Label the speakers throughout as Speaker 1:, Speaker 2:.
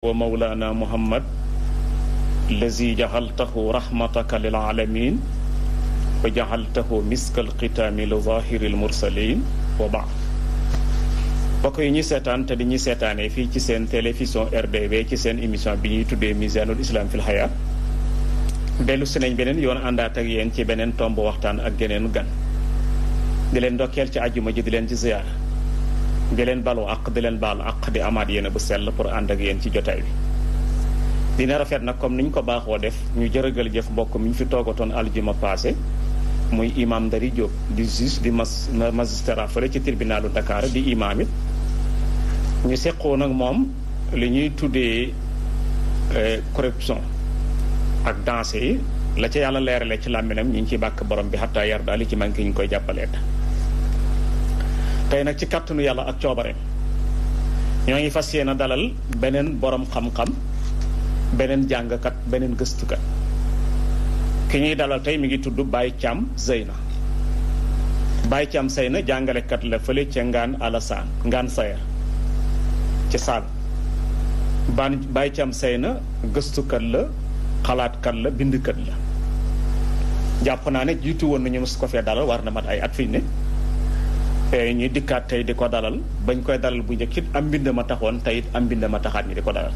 Speaker 1: wa mawlaana muhammad lazi jaxaltahu rahmataka lil alamin wa jaxaltahu miskal xitaami li zahiril bokk yi ñuy seetaan te di seetaanee fii ci seen télévision RDV ci seen émission bi ñuy tuddee misaanul islam fil xayaat dellu si nañ beneen yoon àndaat ak yéen ci beneen tomb waxtaan ak geneenu gan di leen ndokkeel ci àjjuma ji di leen ci ziyaara di leen balu àq di leen baalu àq di amaat yéene bu sell pour ànd ak yéen ci jotaay bi dina rafet na comme niñ ko baaxoo def ñu jërëgal jëf mbokk mi ñu fi toogatoon aljuma passé muy imam Ndari Diop di juge di mas magistrat fële ci tribunalu Dakar di imaam it ñu seqoo nag moom li ñuy tuddee eh, corruption ak danse yi la ca yàlla leerale ci làmminam ñu ci ciy borom bi xattaa yar daal li ci manqué ñu koy jàppaleet tey nag ci kàttanu yàlla ak coobare ñoo ngi fas yéene dalal beneen boroom xam-xam beneen jàngkat beneen gëstukat ki ñuy dalal tey mi ngi tudd Baye Thiam Zeyna Baye Thiam Zeyna jàngalekat la fële ca Ngaan Alassane Ngaan Sayer ci Sall ban Baye Thiam Zeyna gëstukat la xalaatkat la bindkat la jàpp naa ne jiitu woon nañu mos ko fee dalal war na mat ay at fi ñu Eh, ñuy dikkaat tey di ko dalal bañ koy dalal bu njëkk it am mbind ma taxoon tey am mbind ma taxaat ñu di ko dalal.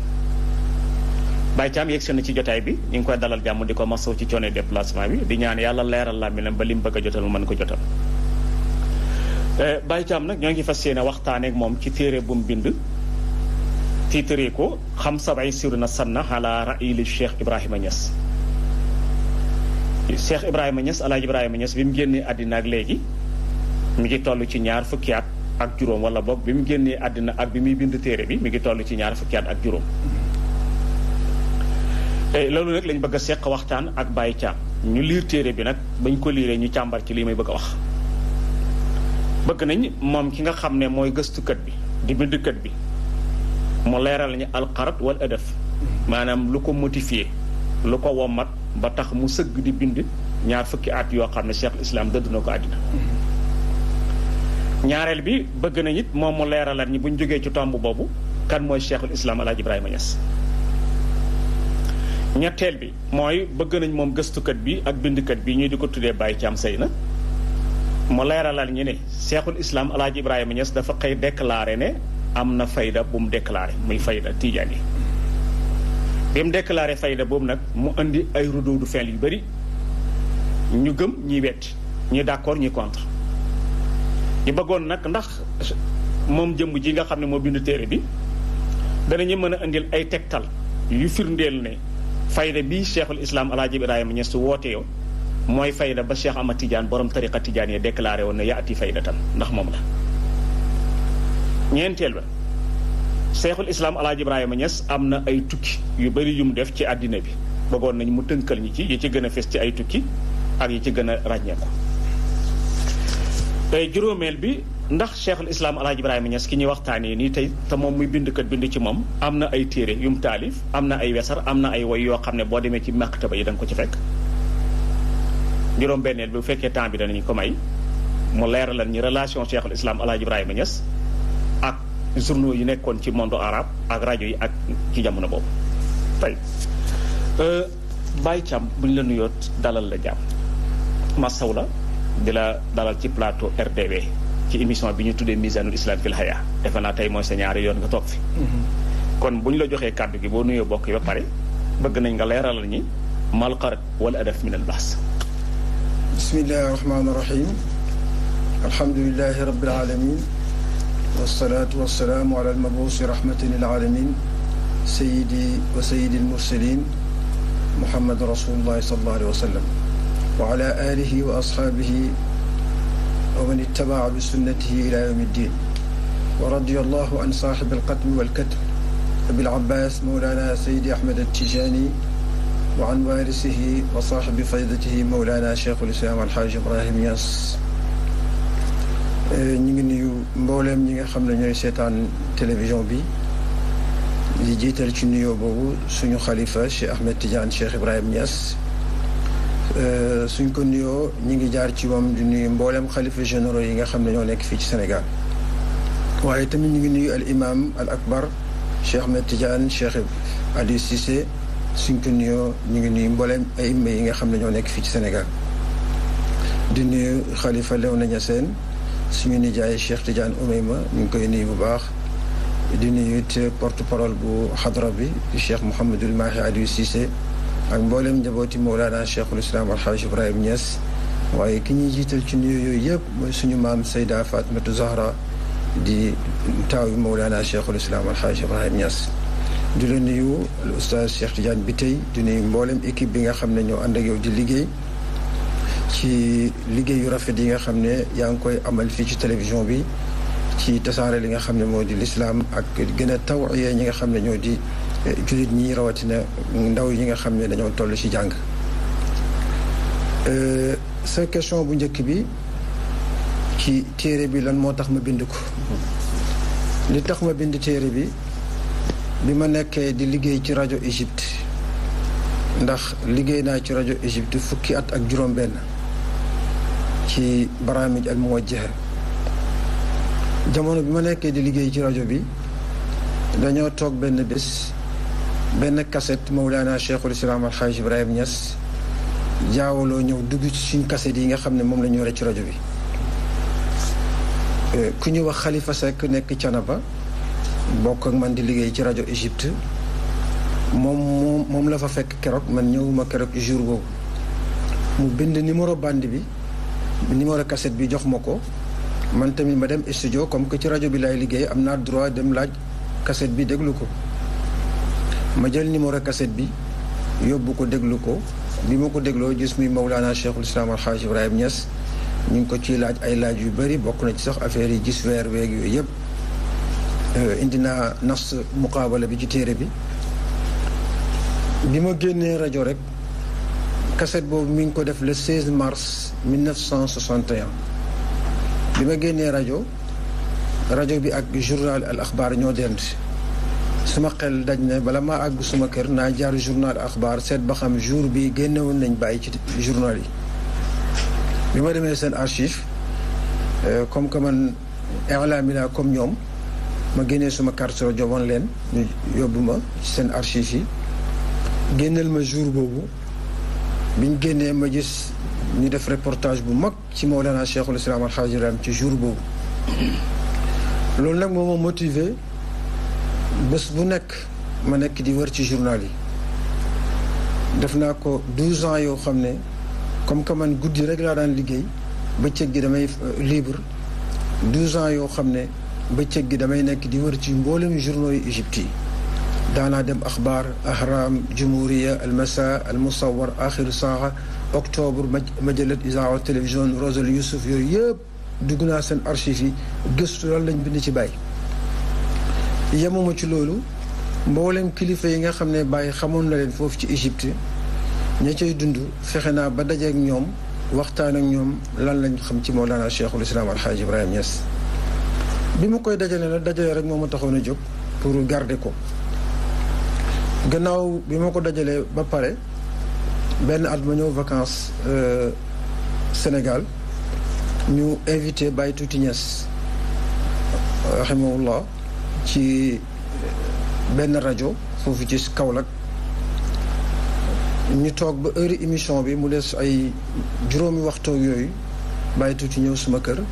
Speaker 1: Baye Thiam yegg seen ci jotaay bi ñu ngi koy dalal jàmm di ko masaw ci coono déplacement bi di ñaan yàlla leeral laa mel ba li mu bëgg a ko jotal. Eh, Baye nag ñoo ngi fas yéene waxtaanee moom ci téere bu mu bind. tiitaree ko xam sabay siru na sanna ala ra'yi li Ibrahima Niass. Cheikh Ibrahima Niass El Hadj Ibrahima Niass bi mu génnee àddina ak léegi. mu ngi toll ci ñaar fukki at ak juróom wala boog bi mu génnee àddina ak bi muy bind téere bi mi ngi toll ci ñaar fukki ak juróom eh, loolu nag lañ bëgg a seq waxtaan ak Baye Thiam ñu liir téere bi nag bañ ko liiree ñu càmbar ci lii may bëgg a wax bëgg nañ moom ki nga xam ne mooy gëstukat bi di bindkat bi mu leeral ñu alxarat wal adaf maanaam lu ko motifié lu ko wommat ba tax mu sëgg di bind ñaar fukki at yoo xam ne Cheikhul Islam dëdd na ko àddina ñaareel bi bëgg nañu it moom mu leeralaat ñi bu jógee ci tomb boobu kan mooy cheikhul islam alaaji Ibrahima Niass. ñetteel bi mooy bëgg nañ moom gëstukat bi ak bindkat bi ñu di ko tuddee bàyyi ci am Sey na mu leeralal ñi ne cheikhul islaam alaaji Ibrahima Niass dafa xëy déclaré ne am na fayda bu mu déclaré muy fayda tijaan yi. bi mu fayda boobu nag mu indi ay ruduudu fenn yu bari ñu gëm ñi wetti ñi d'accord ñi contre. ñu bëggoon nag ndax moom jëmm ji nga xam ne moo bindu téere bi danañu mën a indil ay tegtal yu firndeel ne fayda bi cheikhul islaam alaaji Ibrahima Niass woote yow mooy fayda ba cheikh Ahmad Tidiane borom tariqa Tidiane yi déclaré woon ne yaati fayda tan ndax moom la ñeenteel ba cheikhul islam alaaji Ibrahima Niass am na ay tukki yu bari yu mu def ci àddina bi bëggoon nañ mu tënkal ñi ci yi ci gën a fes ci ay tukki ak yi ci gën a ràññeeku Eh, juróomeel bi ndax cheikhul islam alhaji ibrahima Niass ki ñuy waxtaanee nii tey te moom muy bind kat bind ci moom am na ay téere yum taalif am na ay wesar am na ay woy yoo xam ne boo demee ci maktaba yi da ko ci fekk juróom benneel bi bu fekkee temps bi danañu ko may mu leeralal ñu relation cheikhul islam alhaji ibrahima Niass ak journaux yi nekkoon ci monde arabe ak rajo yi ak ci jamono boobu tey eh, Baye Thiam bu ñu la nuyoot dalal la jàmm masaw di la dalal ci plateau RTV ci émission bi ñu tuddee misanul islam fil haya defe naa tey mooy señaar yoon nga toog fi mm-hmm. kon bu ñu la joxee kàddu gi boo nuyee bokk yi ba pare bëgg nañ nga leeralal ñi mal qarat wala adaf min al baas
Speaker 2: bismillahi rahmaani rahim alhamdulilahi rabbil alamin wasalaatu wasalaamu wa sayidi almursalin muhammad rasulullahi sallallahu alayhi وعلى آله وأصحابه ومن اتبع بسنته إلى يوم الدين ورضي الله عن صاحب القتم والكتم أبي العباس مولانا سيدي أحمد التجاني وعن وارثه وصاحب فيضته مولانا شيخ الإسلام الحاج إبراهيم ياس ñu ngi nuyu mbooleem ñi nga xam ne ñooy seetaan télévision bi di jiital ci nuyoo boobu suñu xalifa Cheikh Ahmed Tidiane Cheikh Ibrahim Niass Euh, suñ ko nuyoo ñu ngi jaar ci moom di nuyu mboolem xalifa généraux yi nga xam ne ñoo nekk fii ci Sénégal waaye tamit ñu ngi nuyu al imaam al akbar Cheikh Ahmed Tidiane Cheikh Aliou Cissé suñ ko nuyoo ñu ngi nuyu mboolem ay imaam yi nga xam ne ñoo nekk fii ci Sénégal di nuyu xalifa Léona Niassène suñu nijaay Cheikh Tidiane Oumayma ñu ngi koy nuyu bu baax di nuyu it porte parole bu xadra bi Cheikh Mouhamadul Mahi Aliou Cissé ak mbooleem njabooti Mawlana Cheikhul Islam Alxaaj Ibrahim Niass waaye ki ñuy jiital ci nuyu yooyu yëpp mooy suñu maam Sayda Fatimatu Zahra di taaw bi Mawlana Cheikhul Islam Alxaaj Ibrahim Niass di la nuyu oustaz Cheikh Tidiane bi tey di nuyu mbooleem équipe bi nga xam ne ñoo ànd yow di liggéey ci liggéey yu rafet yi nga xam ne yaa ngi koy amal fii ci télévision bi ci tasaare li nga xam ne moo di lislaam ak gën a taw ñi nga xam ne ñoo di jullit ñi rawatina ndaw yi nga xam ne dañoo tollu ci jàng euh, sa question bu njëkk bi ci téere bi lan moo tax ma bind ko li tax ma bind téere bi bi ma nekkee di liggéey ci rajo Égypte ndax liggéey naa ci rajo Égypte fukki at ak juróom-benn ci baraamij al muwajjaha jamono bi ma nekkee di liggéey ci rajo bi dañoo toog benn bés benn kaset Mawlana Cheikhul Islam Alxaaj Ibrahim Niass jaawaloo ñëw dugg ci suñu kaset yi nga xam ne moom la ñu yore ci rajo bi euh, ku ñu wax xalifa Seck nekk Canaba bokk ak man di liggéey ci rajo Égypte moom moom moom la fa fekk keroog man ñëwuma keroog jour boobu mu bind numéro bande bi numéro kaset bi jox ma ko man tamit ma dem studio comme que ci rajo bi laay liggéey am naa droit dem laaj kaset bi déglu ko ma jël numéro cassette bi yóbbu ko déglu ko bi ma ko dégloo gis muy Mawlaana Cheikhul Islam Alxaaj Ibrahim Niass ñu ngi ko ciy laaj ay laaj yu bëri bokk na ci sax affaire yi gis weer weeg yooyu yëpp euh, indi naa nas muqaabala bi ci téere bi bi ma génnee rajo rek cassette boobu mi ngi ko def le 16 mars 1961 bi ma génnee rajo rajo bi ak journal al axbaar ñoo dend suma xel daj na bala maa àgg suma kër naa jaar journal axbaar seet ba xam jour bi génnewoon nañ bàyyi ci journal yi bi ma demee seen archive euh, comme que man ilaami laa comme ñoom ma génnee suma carte rajo woon leen yóbbu ma seen archive yi génneel ma jour boobu biñ génnee ma gis ñu def reportage bu mag ci moo leen a Islam Al Hajj ci jour boobu loolu nag moo ma motivé bés bu nekk ma nekk di wër ci journal yi def naa ko 12 ans yoo xam ne comme que man guddi rek laa daan liggéey bëccëg gi damay euh, libre 12 ans yoo xam ne bëccëg gi damay nekk di wër ci mboolem journaux yu Égypte yi daanaa dem axbaar ahram jumhuriya almasa almusawar axiru saaxa octobre majalat isaawa télévision Rosal Youssouf yooyu yëpp dugg naa seen archives yi gëstu lan lañ bind ci bàyyi yamuma ci loolu mboolem kilifa yi nga xam ne bàyyi xamoon na leen foofu ci Égypte ña cay dund fexe naa ba dajeek ñoom waxtaan ak ñoom lan lañ xam ci Mawlana Cheikhul Islam Alxaaji Ibrahima Niass bi ma koy dajale la dajale rek moo ma taxoon a jóg pour garde ko gannaaw bi ma ko dajalee ba pare benn at ma ñëw vacances euh, Sénégal ñu invité Baye Tuuti Niass rahimahullah ci benn rajo foofu ci Kaolack ñu toog ba heure émission bi mu des ay juróomi waxtoog yooyu bàyyi tuuti ñëw suma kër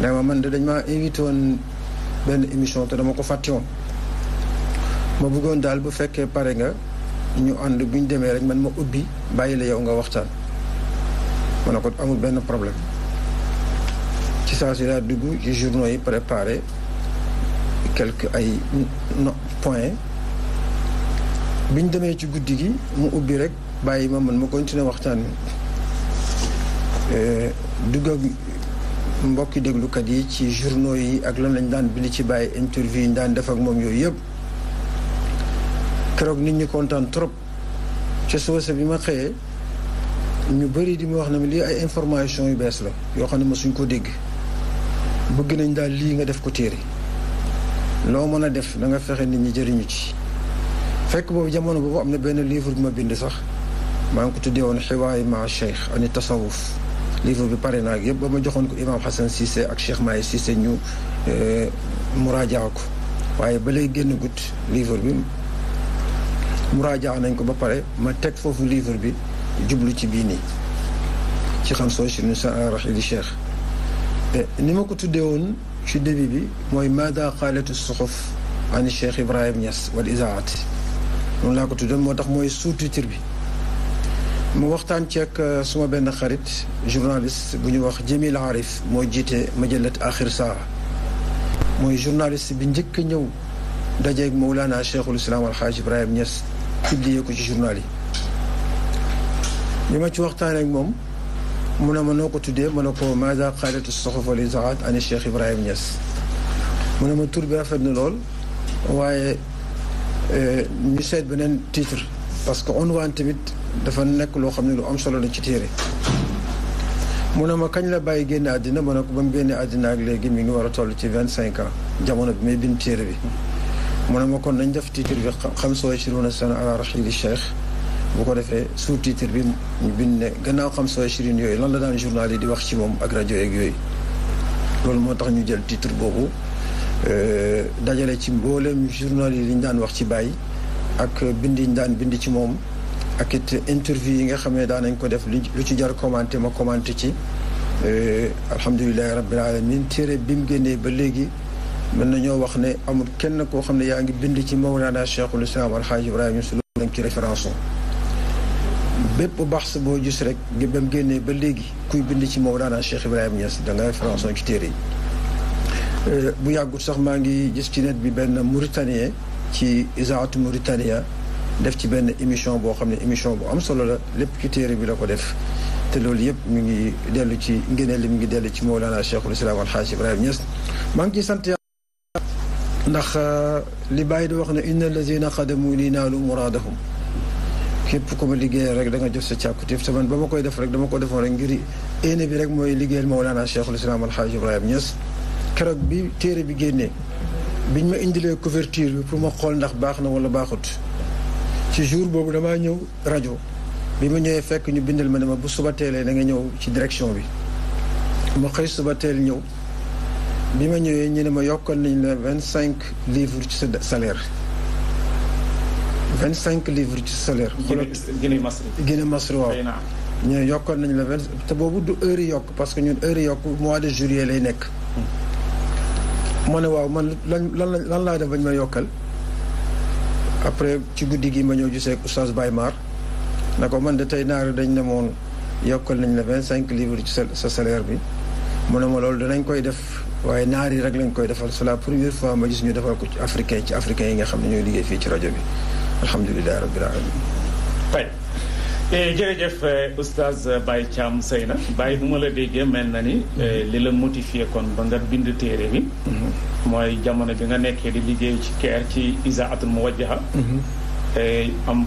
Speaker 2: ne ma man de dañ maa invité woon benn émission te dama ko fàtte woon ma bëggoon daal bu fekkee pare nga ñu ànd bu demee rek man ma ubbi bàyyi la yow nga waxtaan ma ne ko amul benn problème ci saa si laa dugg ci journaux yi préparé quelques ay no point bi ñu demee ci guddi gi mu ubbi rek bàyyi ma man ma continuer waxtaan wi euh, dugg ak mbokki déglukat yi ci journaux yi ak lan lañ daan bind ci bàyyi interview yi ñu daan def ak moom yooyu yëpp keroog nit ñi kontaan trop ca soose bi ma xëyee ñu bëri di muy wax na ma lii ay information yu bees la yoo xam ne ma suñ ko dégg bëgg nañ daal lii nga def ko téere loo mën a def nanga nga fexe nit ñi jëriñu ci fekk boobu jamono boobu am na benn livre bi ma bind sax maa ngi ko tuddee woon xiwaay ma cheikh ani tasawuf livre bi pare naa ak yëpp ba ma joxoon ko imam Hassan Cissé ak Cheikh Maye Cissé ñu euh, muraajaa ko waaye ba lay génn gut livre bi muraajaa nañ ko ba pare ma teg foofu livre bi jublu ci bii nii ci xam soo si nu sa rahili cheikh ni ma ko tuddee woon ci début bi mooy maada qaalatu suxuf an Cheikh Ibrahim Niass wal isaati noonu laa ko tudde moo tax mooy sous-titre bi mu waxtaan ceek euh, suma benn xarit journaliste bu ñu wax Jamil Arif moo jiite majalat axir saa mooy journaliste bi njëkk a ñëw dajeeg Mawlana Cheikhul Islam Alxaaj Ibrahim Niass publié ko ci journal yi bi ma ci waxtaan ak moom mun ne ma noo ko tuddee ma ne ko maada qaalatu soxofa ani Cheikh Ibrahim Niass mu ne ma tur bi na lool waaye eh, ñu seet beneen titre parce que unwaan dafa nekk loo xam ne lu am solo la ci téere mu ne ma kañ la bàyyi génne àddina ma ne ko àddina ak léegi mi ngi war a toll ci vingt cinq ans jamono bi may bind téere bi mu ma kon nañ def titre bi xam soo ishruna sana ala raxili Cheikh bu ko defee sous titre bi mu bind ne gannaaw xam soo shirin yooyu lan la daan journal yi di wax ci moom ak rajo yeeg yooyu loolu moo tax ñu jël titre boobu euh, dajale ci mboolem journal yi ñu daan wax ci Baye ak bind yi ñu daan bind ci moom ak it interview yi nga xam ne daan nañ ko def lu ci jar commenté ma commenté ci euh, alhamdulilahi rabbil alamin téere bi mu génnee ba léegi na ñoo wax ne amul kenn koo xam ne yaa ngi bind ci Mawlana Cheikhul Islam Alhaji Ibrahima Niass loolu lañ ci référence bépp baxs boo gis rek gi bam génnee ba léegi kuy bind ci moom daanaa Cheikh Ibrahima Niass danga référence ci téere yi euh, bu yàggut sax maa ngi gis ci net bi benn mauritanien ci isaatu mauritania def ci benn émission boo xam ne émission bu am solo la lépp ci téere bi la ko def te loolu yëpp mi ngi dellu ci ngéneel li mi ngi dellu ci Mawlana Cheikhul Islam Alxaaj Ibrahima Niass maa ngi ciy sant yàlla ndax euh, li bàyyi di wax ne inna allazina qadamu li naalu muraadahum képp ku ma liggéeyal rek da nga jëf sa càkkutéef te man ba ma koy def rek dama ko defoon rek ngir éene bi rek mooy liggéeyal Mawlana Cheikhul Islam Alhaaj Ibrahima Niass keroog bi téere bi génnee biñ ma indilee couverture bi pour ma xool ndax baax na wala baaxut ci jour boobu damaa ñëw rajo bi ma ñëwee fekk ñu bindal ma ne ma bu suba teelee da ñëw ci direction bi ma xëy suba teel ñëw bi ma ñëwee ñu ne ma yokkal nañ leen vingt cinq livres ci sa salaire vingt cinq livres ci solaire. xoolal Guinée Masri waaw ñoo yokkoon nañu la vingt te boobu du heure yokk parce que ñun heure yokk mois de juillet lay nekk. Hmm. ne waaw man lan lan lan laa def bañ ma yokkal après ci guddi gi ma ñëw gisee ak oustaz Baye Mar na ko man de tey naare dañ ne moon yokkal nañ la vingt cinq livres ci sa salaire bi mu ne ma loolu danañ koy def waaye naar yi rek lañ koy defal c'est la première fois ma gis ñu defal ko ci africain ci africain yi nga xam ne ñooy liggéey fii ci rajo bi. alhamdulilah rabbil alamin
Speaker 1: eh, jërëjëf eh, oustaz Baye Thiam Seyna Baye bu ma la déggee mel na ni eh, li la motivé kon ba nga bind téere bi mhm. mooy jamono bi nga nekkee di liggéey ci keer ci isaatul muwajjaha mhm. am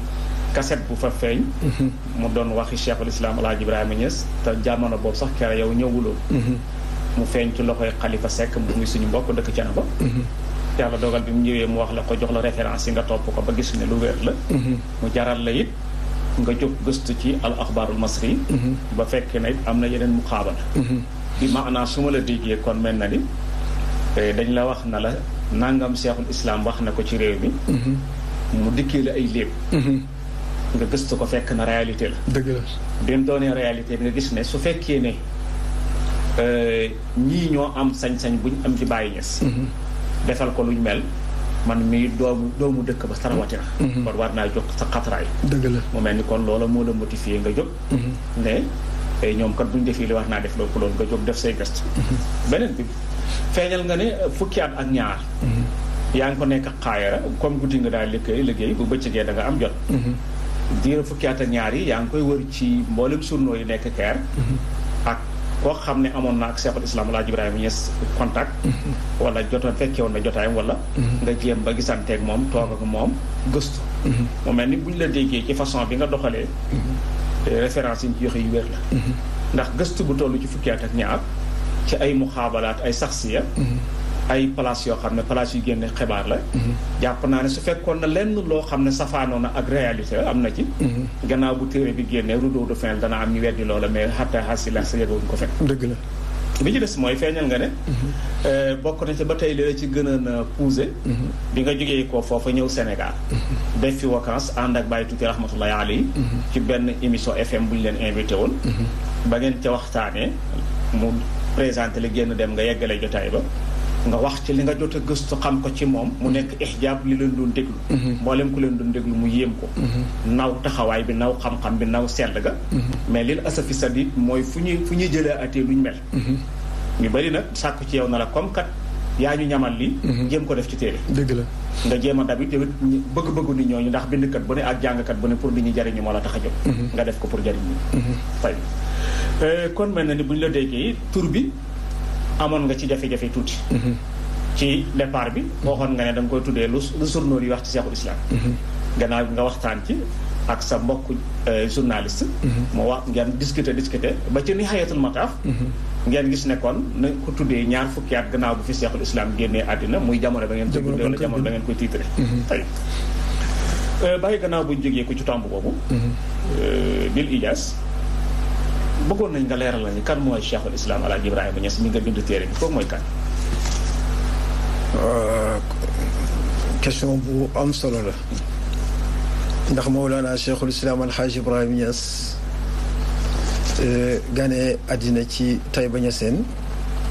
Speaker 1: kaset bu fa feeñ mhm. mu doon waxi cheikhul islam alhaji ibrahima Niass te jamono boobu sax yow ñëwuloo mu feeñ ci loxoy xalifa Seck mu ngi suñu mbokk dëkk Thiénaba yàlla dogal bi mu ñëwee mu wax la ko jox la référence yi nga topp ko ba gis ne lu wér la mhm. mu jaral la it nga jóg gëstu ci al axbaarul masri mhm. ba fekk na it am na yeneen muqaabala mhm. bi maanaam su ma la déggee kon mel na ni eh, dañ la wax na la nangam seexul islam wax na ko ci réew mi mu dikkee la ay léeb nga gëstu ko fekk na réalité la dëgg la bi mu doonee réalité nga gis ne su fekkee ne eh, ñii ñoo am sañ-sañ buñ am ci bàyyi ñes desal ko luñ mel man mii doomu doomu dëkk ba sarawati na mhm. kon war naa jox sa xatraay dëgg la mu mel ni kon loola moo la motivé nga jóg mhm. ne eh, ñoom kat buñ defee li war naa def loolu ko loolu nga jóg def say gëstu mhm. beneen bi feeñal nga ne eh, fukki at ak ñaar yaa ngi ko nekk xaayara comme guddi nga daal liggéey liggéey bu bëccëgee da nga am jot diir fukki at ak ñaar yi yaa ngi koy wër ci mboolem journaux yi nekk keer koo xam ne amoon na ak cheikhul islam alaaji ibrahima ñees contact mm-hmm. wala jotoon fekke woon na jotaayam wala mm-hmm. nga jéem ba gisanteeg moom toog ak moom
Speaker 3: gëstu mm-hmm.
Speaker 1: mu mel ni buñ la déggee ci façon bi nga doxalee référence yi ñu joxe yu wér la ndax gëstu bu toll ci fukki at ak ñaar ci ay muxaabalaat ay saxsiya ay place yoo xam ne place yu génne xibaar la jàpp naa ne su fekkoon na lenn loo xam ne safaanoo na ak réalité am na ci gannaaw bu téere bi génnee rideau de fin dana am ñu weddi loola mais xatta xasi la sa yegawuñ ko fekk dëgg la bi des mooy feeñal nga ne euh, bokk na ci ba tey li ci gënoon a poussé bi nga jógee ko foofa ñëw Sénégal def fi vacances ànd ak Baye Tuuti rahmatullahi alayhi ci benn émission FM bu ñu leen invité woon ba ngeen ca waxtaanee mu présente li génn dem nga yeggalee jotaay ba nga wax ci li nga jot a gëstu xam ko ci moom mu nekk ixjaab li leen doon déglu mhm. mboolem ku leen doon déglu mu yéem ko mhm. naw taxawaay bi naw xam-xam bi naw sell ga mhm. mais lil asafi sadid mooy fu ñuy fu ñuy jëlee atee luñ mel ñu bari nag sàkku ci yow na la comme kat yaa ñu ñamal li jéem ko def ci téere dëgg la nga jéem a dabit tamit bëgg-bëggu nit ñooñu ndax bindkat bu ne ak jàngkat bu ne pour nit ñi jariñu moo la tax a jóg nga def ko pour jariñu fay euh, kon mel na ni bu ñu la déggee tur bi amoon nga ci jafe-jafe tuuti. Mhm. ci départ bi. waxoon nga ne da koy tuddee lu lu journaux yi wax ci Seexul Islaam. Mhm. gannaaw bi nga waxtaan ci ak sa mbokk euh, journaliste. Mhm. moo wax ngeen discuter discuter ba ci ni xayatul mataaf. ngeen gis ne kon nañ ko tuddee ñaar fukki at gannaaw bu fi Seexul Islaam génnee àddina muy jamono ba ngeen. jamono ba ngeen jamono ba ngeen koy titre. tey euh, bàyyi gannaaw buñ jógee ko ci tomb boobu. Euh, bil ijaas. bëggoon nañ nga leeral lañu kan mooy cheikhul islam alaaji ibrahima ñes mi nga bind téere bi kooku mooy kan
Speaker 2: euh, question bu am solo la ndax Mawlana cheikhul islam alhaaj ibrahima ñes euh, gane àddina ci Taïba Niassène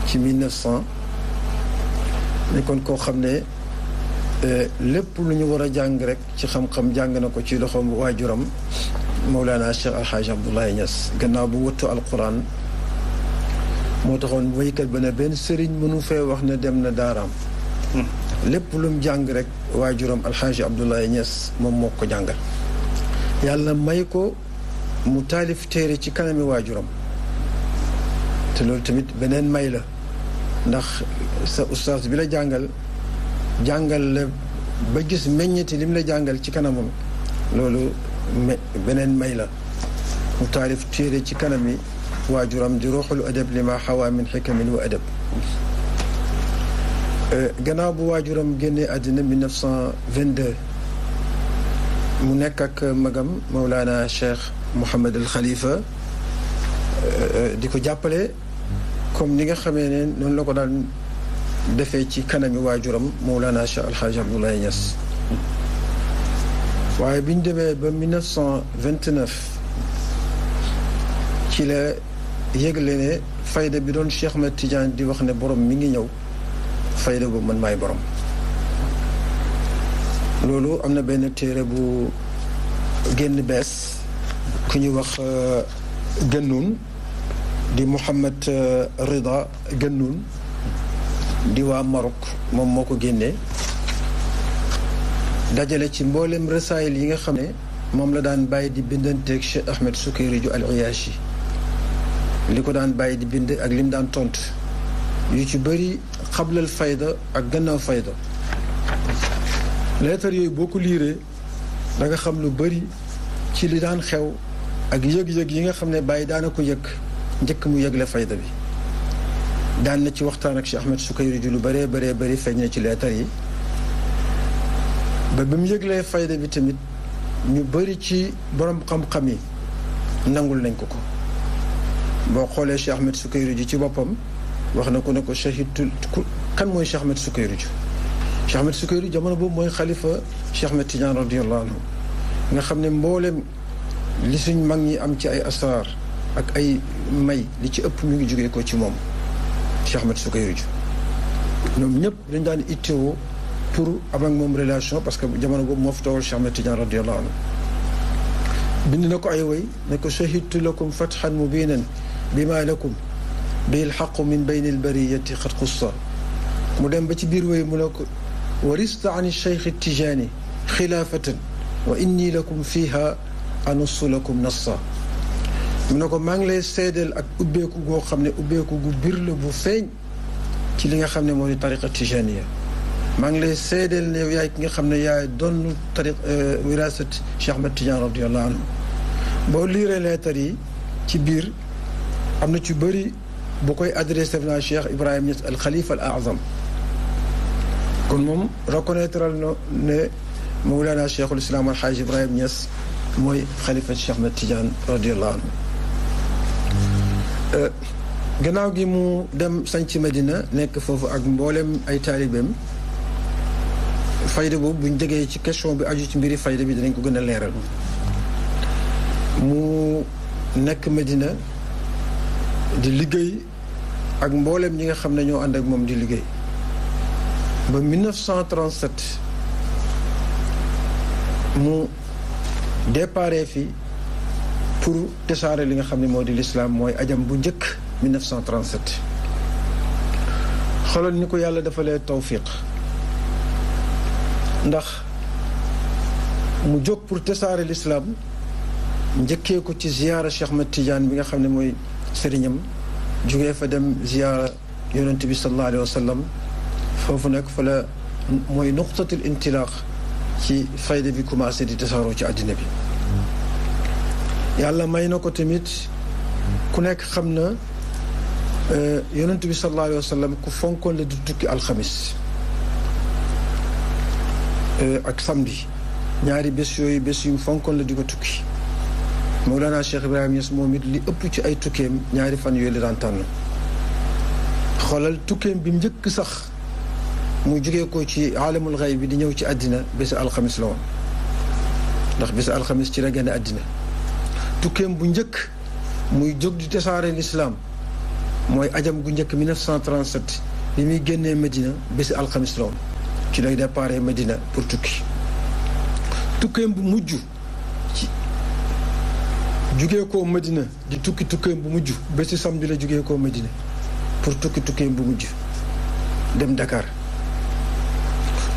Speaker 2: ci 1900 kon koo xam ne euh, lépp lu ñu war a jàng rek ci xam-xam jàng na ko ci loxoom waajuram Mawlana Cheikh Alxaaj Abdoulaye Niass gannaaw bu wëttu alquran moo taxoon waykat ba ne benn sëriñ mënu fee wax ne dem na daaraam hmm. lépp lum jàng rek waajuram Alxaaj Abdoulaye Niass moom moo ko jàngal yàlla may ko mu taalif téere ci kanami waajuram te loolu tamit beneen may la ndax sa ustaas bi la jàngal jàngal la ba gis meññeti lim la jàngal ci kanamam loolu beneen may la mu taalif téere ci kanam yi waajuram di ruuxul adab li ma xawaa min xikamin wa adab euh, gannaaw bu waajuram génnee àddina 1922 mu nekk ak magam Mawlana Cheikh Mouhamed El Khalifa euh, euh, di ko jàppale comme ni nga xamee ne noonu la ko daan defee ci kanami waajuram Mawlana Cheikh Alhaji Abdoulaye Niass waaye bi ñu demee ba 1929 ci la yëgle ne fayda bi doon Cheikh Ahmed di wax ne borom mi ngi ñëw fayda boobu man maay borom loolu am na benn téere bu génn bees ku ñuy wax euh, gënnuun di Mouhamad euh, Rida gënnuun di waa Maroc moom moo ko génnee dajale ci mboolem rasaayil yi nga xam ne moom la daan bàyyi di bindanteeg Cheikh Ahmed Sukayri ju al Iyaashi li ko daan bàyyi di bind ak lim daan tontu yu ci bëri xablal fayda ak gannaaw fayda leetar yooyu boo ko liiree da xam lu bari ci li daan xew ak yëg-yëg yi nga xam ne bàyyi daana ko yëg njëkk mu yëgle fayda bi daan na ci waxtaan ak Cheikh Ahmed Sukayri ju lu bëree bëree bari feeñ na ci leetar yi ba bi mu yëglee fayda bi tamit ñu bëri ci borom xam-xam yi nangul nañ ko ko boo xoolee Cheikh Ahmed Soukeyru ji ci boppam wax na ko ne ko chahidtu kan mooy Cheikh Ahmed Soukeyru ji jamono boobu mooy xalifa Cheikh Ahmed Tidiane radiyallahu anhu nga xam ne mbooleem li suñ mag ñi am ci ay asrar ak ay may li ci ëpp mu ngi jógee ko ci moom Cheikh Ahmed Soukeyru ji ñoom ñëpp dañ daan ittewoo pour am ak moom relation parce que jamono boobu moo fi toogal Cheikh Ahmed Tidiane radiyallahu anhu bind na ko ay woy ne ko shahidtu lakum fathan mubinan bima lakum bihi lxaqu min bayni albariyati xat xussa mu dem ba ci biir woy mu ne ko warista an cheikh tijaani xilaafatan wa inni lakum fiha anussu lakum nassa mu ne ko maa ngi lay seedeel ak ubbeeku goo xam ne ubbeeku gu bir la bu feeñ ci li nga xam ne moo di tariqa tijaaniya maa ngi lay seedeel ne yaay ki nga xam ne yaay doon tariq euh, wirasat Cheikh Ahmed Tidiane radiyallahu boo liiree leetar yi ci biir am na ci bëri bu koy adressé naa Cheikh Ibrahim Niass al Khalifa moom reconnaître na ne Ibrahim Niass mooy xalifa Cheikh Ahmed Tidiane radiyallahu euh, gannaaw gi mu dem sanc madina nekk foofu ak mboolem ay taalibeem fayda boobu bu ñu jegee ci question bi aju ci mbiri fayda bi dañ ko gën a leeral mu nekk Medina di liggéey ak mbooleem ñi nga xam ne ñoo ànd ak moom di liggéey ba 1937 mu déparé fi pour tasaare li nga xam ne moo di lislaam mooy ajam bu njëkk 1937 xoolal ni ko yàlla dafa lee tawfiq ndax mu jóg pour tasaare lislaam njëkkee ko ci ziyaara Cheikh Ahmed Tidiane bi nga xam ne mooy sëriñam jógee fa dem ziyaara yonent bi sallallahu alayhi foofu nekk fa la mooy nuqtatul intilaax ci fayda bi commencé di tasaaroo ci àddina bi yàlla may na ko tamit ku nekk xam na euh, yonent bi sallallahu alayhi wa sallam ku fonkoon la du tukki alxamis Euh, ak samedi ñaari bés yooyu bés yu fonkoon la di ko tukki Mawlana Cheikh Ibrahima Niass moom it li ëpp ci ay tukkeem ñaari fan yooyu la daan tànn xoolal tukkeem bi njëkk sax mu jugee ko ci alamul xay bi di ñëw ci àddina bési alxamis la woon ndax bési alxamis ci la gane àddina tukkeem bu njëkk muy jóg di tasaareen islaam mooy ajam gu njëkk 1937 bi muy génnee Medina bési alxamis la woon ci lay déparé madina pour tukki tukkeem bu mujj ci jugee koo Medina di tukki tukkeem bu mujj ba si samedi la jugee koo Medina pour tukki tukkeem bu mujj dem Dakar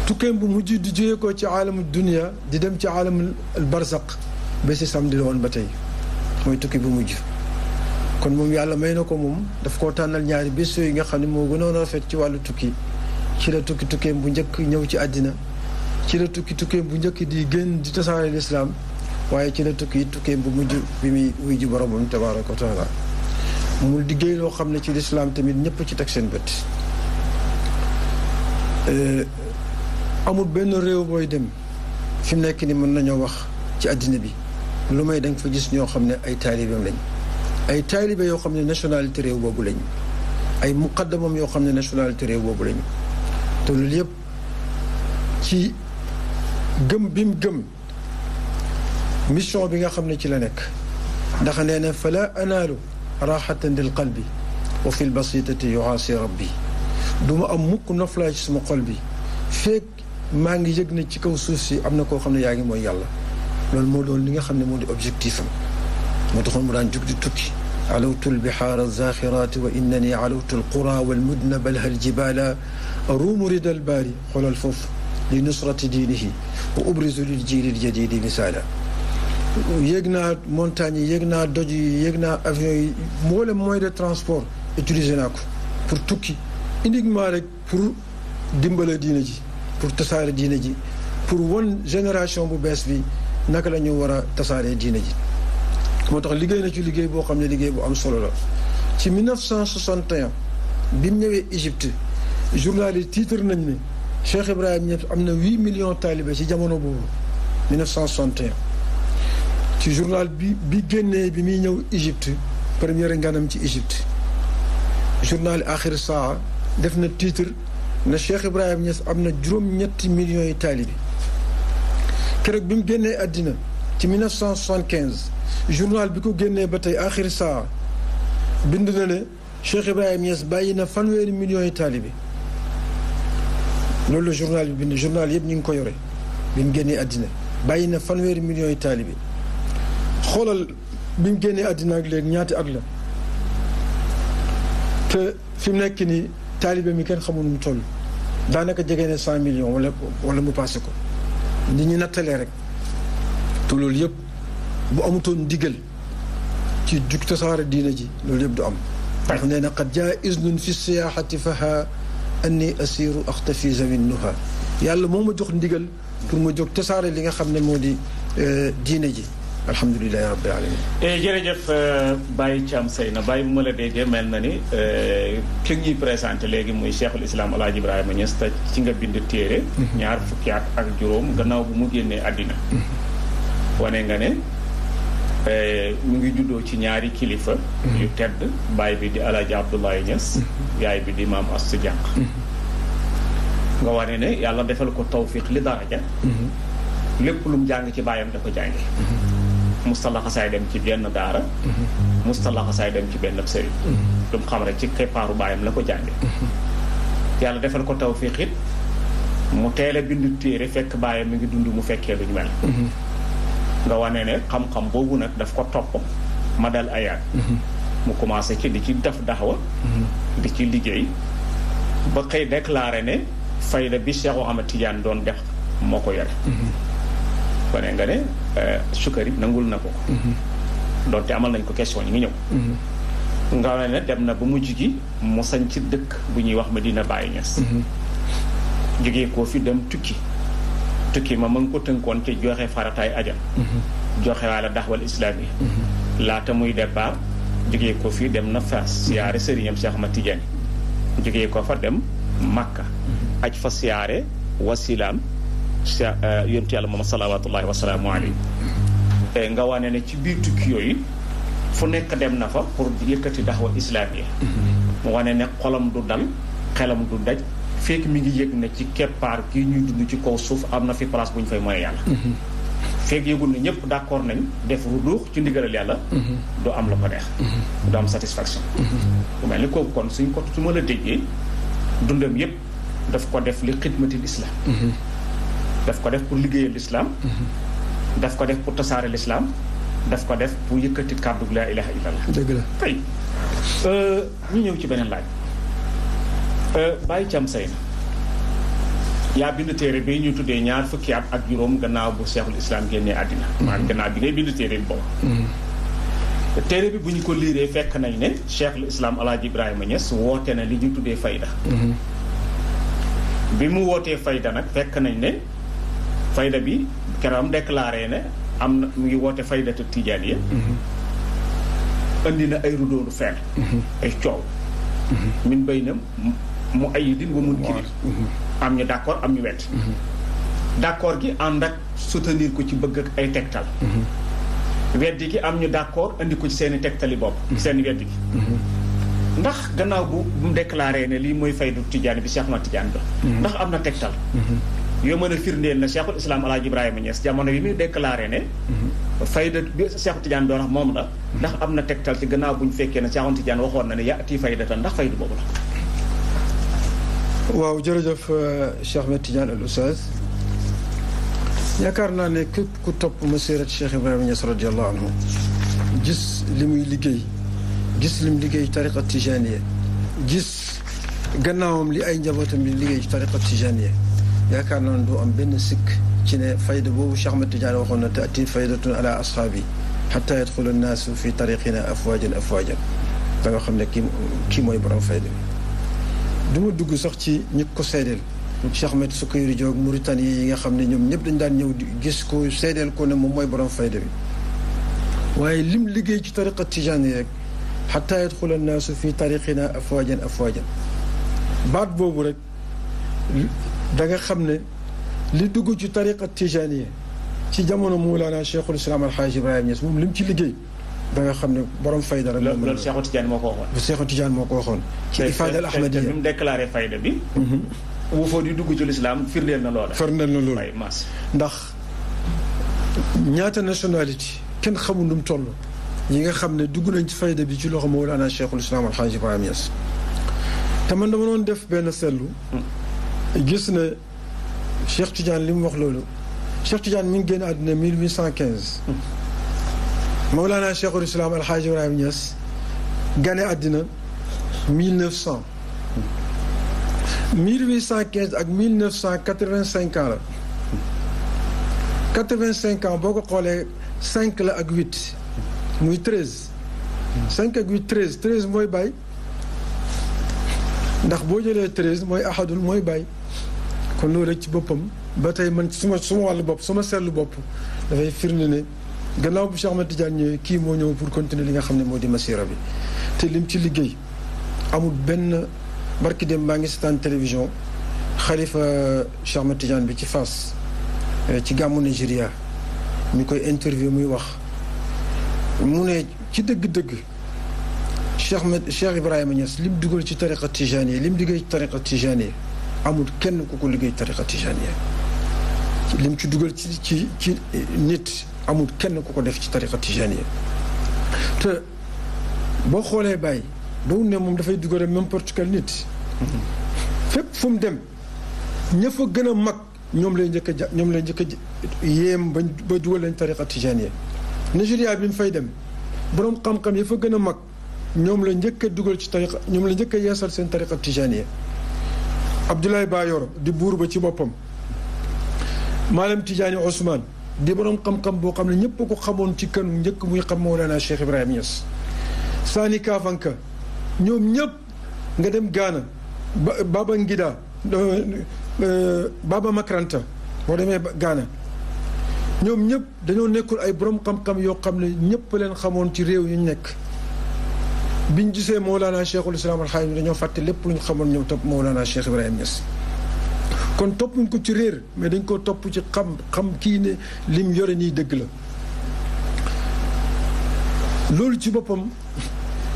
Speaker 2: tukkeem bu mujj di jugee koo ci aalamu dunia di dem ci aalamu barzaq ba si samedi la woon ba tey mooy tukki bu mujj kon moom yàlla may na ko moom daf koo tànnal ñaari bés yooyu nga xam ne moo gënoon rafet ci wàllu tukki ci la tukki tukkeem bu njëkk ñëw ci àddina ci la tukki tukkeem bu njëkk di génn di tasaare lislaam waaye ci la tukki it tukkeem bu mujj bi muy wuy ji boromam tabaraka wa taala mu liggéey loo xam ne ci lislaam tamit ñëpp ci teg seen bët euh, amul benn réew booy dem fi mu nekk ni mën nañoo wax ci àddina bi lu may da fa gis ñoo xam ne ay taalibeem lañ ay taalibe yoo xam ne nationalité réew boobu lañ ay muqaddamam yoo xam ne nationalité réew boobu lañu te loolu yëpp ci gëm bi mu gëm mission bi nga xam ne ci la nekk ndax nee na fala anaalu raxatan lil qalbi wa fi lbasitati yuaasi rabbi du ma am mukk noflaay ci sama xol bi feek maa ngi yëg ne ci kaw suuf si am na koo xam ne yaa ngi mooy yàlla loolu moo doon li nga xam ne moo di objectif am moo taxoon mu daan jug di tukki alawtu lbihaara zaxiraati wa innani alawtu alqura walmudna balha aljibala ruumu ridal yi xoolal foofu li nusrati diinihi wa li lil jiilil di misaala yéeg naa montagne yi naa doj yi yéeg naa avion yi mboolem moyen de transport utilisé naa ko pour tukki uniquement rek pour dimbale diine ji pour tasaare diine ji pour won génération bu bees bi naka la ñu war a tasaaree diine ji moo tax liggéey na ci liggéey boo xam ne liggéey bu am solo la ci 1961 bi mu ñëwee Égypte journal tiitre titre nañ ni Cheikh Ibrahim Niass am na huit millions taalibe ci jamono boobu 1961 ci journal bi bi génnee bi muy ñëw Égypte première nganam ci Égypte journal Akhir Saa def na titre na Cheikh Ibrahim Niass am na juróom-ñetti millions yi taalibe keroog bi mu génnee àddina ci 1975 journal bi ko génnee ba tey Akhir Saa bind na ne Cheikh Ibrahim Niass bàyyi na fanweeri millions yi taalibe loolu la journal bi bind yëpp ñu ngi ko yore bi mu génnee àddina bàyyi na fanweeri million yi taalibe xoolal bi mu génnee àddina ak léegi ñaati at te fi mu nekk nii taalibe mi kenn xamul mu toll daanaka jege ne cent millions wala wala mu passé ko ni ñu nattalee rek te loolu yëpp bu amutoon digal ci jug tasaare diina ji loolu yëpp du am ndax nee na qad jaa iznun fi siyaahati faha anni asiru axtafi zawin nuha yàlla moo ma jox ndigal pour ma jóg tasaare li nga xam ne moo di euh, diine ji alhamdulilahi rabbil alamin
Speaker 1: eh, jërëjëf euh, Baye sey na Baye bu ma la déggee mel na ni euh, ki ñuy présenté léegi muy cheikhul islam alaaji Ibrahima Niass te ci nga bind téere mhm. ñaar fukki at ak juróom gannaaw bu mu génnee àddina mhm. wane nga ne Eh, mu ngi juddoo ci ñaari kilifa mhm. yu tedd baay bi di alaaji Abdoulaye Niass mhm. yaay bi di maam Astou Diack mhm. nga wane ne yàlla defal ko tawfiq li daraja lépp lu jàng ci baayam da ko jànge mustalaxasaay dem ci benn daara mustalaxasaay dem ci benn sëriñ lu mu xam rek ci keppaaru baayam la ko jànge yàlla defal ko tawfiq it mu teel a téere fekk baayam mi ngi dund mu fekkee luñ mel nga wane ne xam-xam boobu nag daf ko topp ma dal ayaat mhm. mu commencé ci di ci def daxwa mhm. di ci liggéey ba xëy déclaré ne fayda bi Cheikh Ahmad Tidiane doon def moo ko yore kone mhm. nga ne euh, sukkari nangul na ko doonte amal nañ ko question yi ngi ñëw nga wane ne dem na ba mujj gi mu sañ ci dëkk bu ñuy wax Medina Baye Niass jógee koo fi dem tukki tukki ma ma ngi ko tënkoon ci joxe farataay ajam mhm. joxe waala daxwal islaam yi mhm. laata muy départ jógee ko fii dem na Fass mhm. siyaare sëriñam Cheikh Ahmad Tidiane ko fa dem Makka aj fa siyaare wasilaam Cheikh yontu yàlla moom salawaatullahi wasalaamu alayhi eh, nga wane ne ci biir tukki yooyu fu nekk dem na fa pour yëkkati daxwa islaam yi wane ne xolam du dal xelam du daj fekk mi ngi yëg na ci keppaar gi ñuy dund ci kaw suuf am na fi place bu ñu fay mooy yàlla fekk yëgul ne ñëpp d'accord nañ def ruduux ci ndigalal yàlla du am la ko neex du am satisfaction bu mel ni kooku kon suñ ko su ma la déggee dundam yëpp daf ko def li xidmatil islam daf ko def pour liggéeyal l'islam daf ko def pour tasaare lislaam daf ko def pour yëkkati kàddu la ilaha illallah dëgg la kay euh, ñu ñëw ci beneen laaj Euh, Baye Thiam Seyna yaa bind téere bi ñu tuddee ñaar fukki at ak juróom gannaaw bu seexul islam génnee àddina mm-hmm. maanaam gannaaw bi ngay bind téere bi boobu
Speaker 3: mm-hmm.
Speaker 1: téere bi bu ñu ko liiree fekk nañ ne cheikhul islam alaaji ibrahima Niass woote na li ñu tuddee fayda
Speaker 3: mm-hmm.
Speaker 1: bi mu wootee fayda nag fekk nañ ne fayda bi keroog déclaré ne am na mu ngi woote faydatu tijaaniya indi na ay rudoonu fer ay coow min bay na mu ay ayidin wa mun kirir mm-hmm. am ñu d'accord am ñu wet mm-hmm. d'accord gi ànd ak soutenir ko ci bëgg ak ay tegtal mm-hmm. weddi gi am ñu d'accord indi ko ci seen i tegtali bopp seen weddi gi ndax gannaaw bu mu déclaré ne lii mooy faydu tijaan bi Cheikh Ahmad Tijaan ba ndax am na tegtal yoo mën a firndeel na Cheikhul Islam Alaaji Ibrahima Niass jamono yi muy déclaré ne fayda bi Cheikh Tidiane doon wax moom la ndax am na tegtal ci gannaaw bu ñu fekkee ne Cheikh Tidiane waxoon na ne yaati faydata ndax faydu boobu la
Speaker 2: waaw jërëjëf euh, Cheikh Ahmed Tidiane al Oustaz yaakaar naa ne képp ku topp masirat Cheikh Ibrahima Niass radiallahu anhu gis li muy liggéey gis li mu liggéey tariqa tijaniya gis gannaawam li ay njabootam li liggéey ci tariqa tijaniya yaakaar naa ne du am benn sikk ci ne fayda boobu Cheikh Ahmed Tidiane waxoon na taati faydatun ala ashaabi xata yadxulu annaasu fi tariqina afwajan afwajan da nga xam ne kii kii mooy borom fayda bi du ma dugg sax ci ñi ko seedeel Cheikh Ahmed Soukayri Diop Mauritanie yi nga xam ne ñoom ñëpp dañ daan ñëw gis ko seedeel ko ne moom mooy borom fayda bi waaye lim liggéey ci tariqa tijaani rek xataa yadxula naasu fi tariqina afwaajan afwaajan baat boobu rek da nga xam ne li dugg ci tariqa tijaani ci jamono Mawlana Cheikhul Islam Alxaaji Ibrahima Niass moom lim ci liggéey ba nga xam ne borom fayda rek. moom loolu Cheikh Tidiane moo ko waxoon. ko waxoon. ci Ifada al Ahmadiyya te te te mu
Speaker 1: déclaré fayda
Speaker 2: mhm.
Speaker 1: wu foo di dugg ci lislaam firndeel na loola. firndeel na loolu
Speaker 2: ndax ñaata nationalité kenn xamul nu mu toll. yi nga xam ne dugg nañ ci fayda bi ci loxo Mawlana Cheikhul Islam Al Hadj Ibrahima Niass. te man dama doon def benn seetlu. gis na Cheikh Tidiane li mu wax loolu. Cheikh Tidiane mi ngi génn cent 1815. Mawlana Cheikhul Islam Al Hadj Ibrahim Niass gane àddina 1900 1815 ak 1985 ans la 85 ans boo ko xoolee 5 la ak 8 muy 13 5 ak 8 13 13 mooy bàyyi ndax boo jëlee 13 mooy ahadul mooy bàyyi kon loolu rek ci boppam ba tey man suma suma wàllu bopp suma seetlu bopp dafay firnde ne gannaaw bu Cheikh Ahmed Tidiane kii moo ñëw pour continuer li nga xam ne moo di masira bi te lim ci liggéey amul benn barki dem maa ngi seetaan télévision xalifa euh, Cheikh Ahmed bi ci Fass euh, ci gàmmu Nigeria ñu koy interview muy wax mu ne ci dëgg-dëgg Cheikh Ahmed Cheikh Ibrahima Niass lim dugal ci tariqa tijaaniya lim liggéey ci tariqa tijaaniya amul kenn ku ko liggéey tariqa tijaaniya lim ci dugal ci ci ci nit amul kenn ku ko def ci tariqa tijaniya te boo xoolee Baye dawul ne moom dafay dugal n'importe quel nit fépp fu mu dem ña fa gën a mag ñoom lay njëkk a ja ñoom lay njëkk a yéem ba ba dugal leen tariqa tijaniya Nigeria bi mu fay dem boroom xam-xam fa gën a mag ñoom la njëkk a dugal ci tariqa ñoom la njëkk a yeesal seen tariqa tijaniya Abdoulaye Bayoro di buur ba ci boppam maalam Tijaani Ousmane di borom xam-xam boo xam ne ñëpp ko xamoon ci kanu njëkk muy xam Mawlana Cheikh Ibrahima Niass. Sani Kafanka ñoom ñëpp nga dem Ghana ba Baba Ngida euh, euh, Baba Makranta boo demee Ghana ñoom ñëpp dañoo nekkul ay borom xam-xam yoo xam ne ñëpp leen xamoon ci réew yu ñu nekk. biñ gisee Mawlana Cheikhul Islam Al Xadim dañoo fàtte lépp lu ñu xamoon ñoom topp Mawlana Cheikh Ibrahima kon toppuñ ko ci réer mais dañ ko topp ci xam xam kii ne lim yore nii dëgg la loolu ci boppam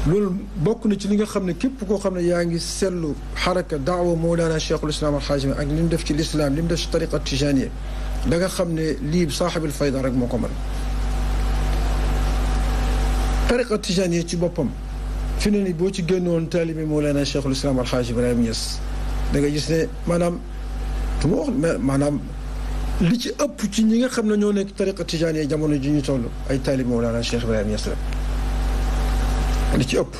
Speaker 2: loolu bokk na ci li nga xam ne képp koo xam ne yaa ngi seetlu xaraka daawa Mawlana Cheikhul Islam alxaajimi ak li mu def ci lislaam li mu def ci tariqa tijaniya da nga xam ne lii saaxibil fayda rek moo ko mën tariqa tijaniya ci boppam fi ne ni boo ci génnoon taalibi Mawlana Cheikhul Islam alxaaj Ibrahima Niass da nga gis ne maanaam te ma wax maanaam li ci ëpp ci ñi nga xam ne ñoo nekk tariqa tijaani jamono ji ñu toll ay taalib Mawlana Cheikh Ibrahima Niass la li ci ëpp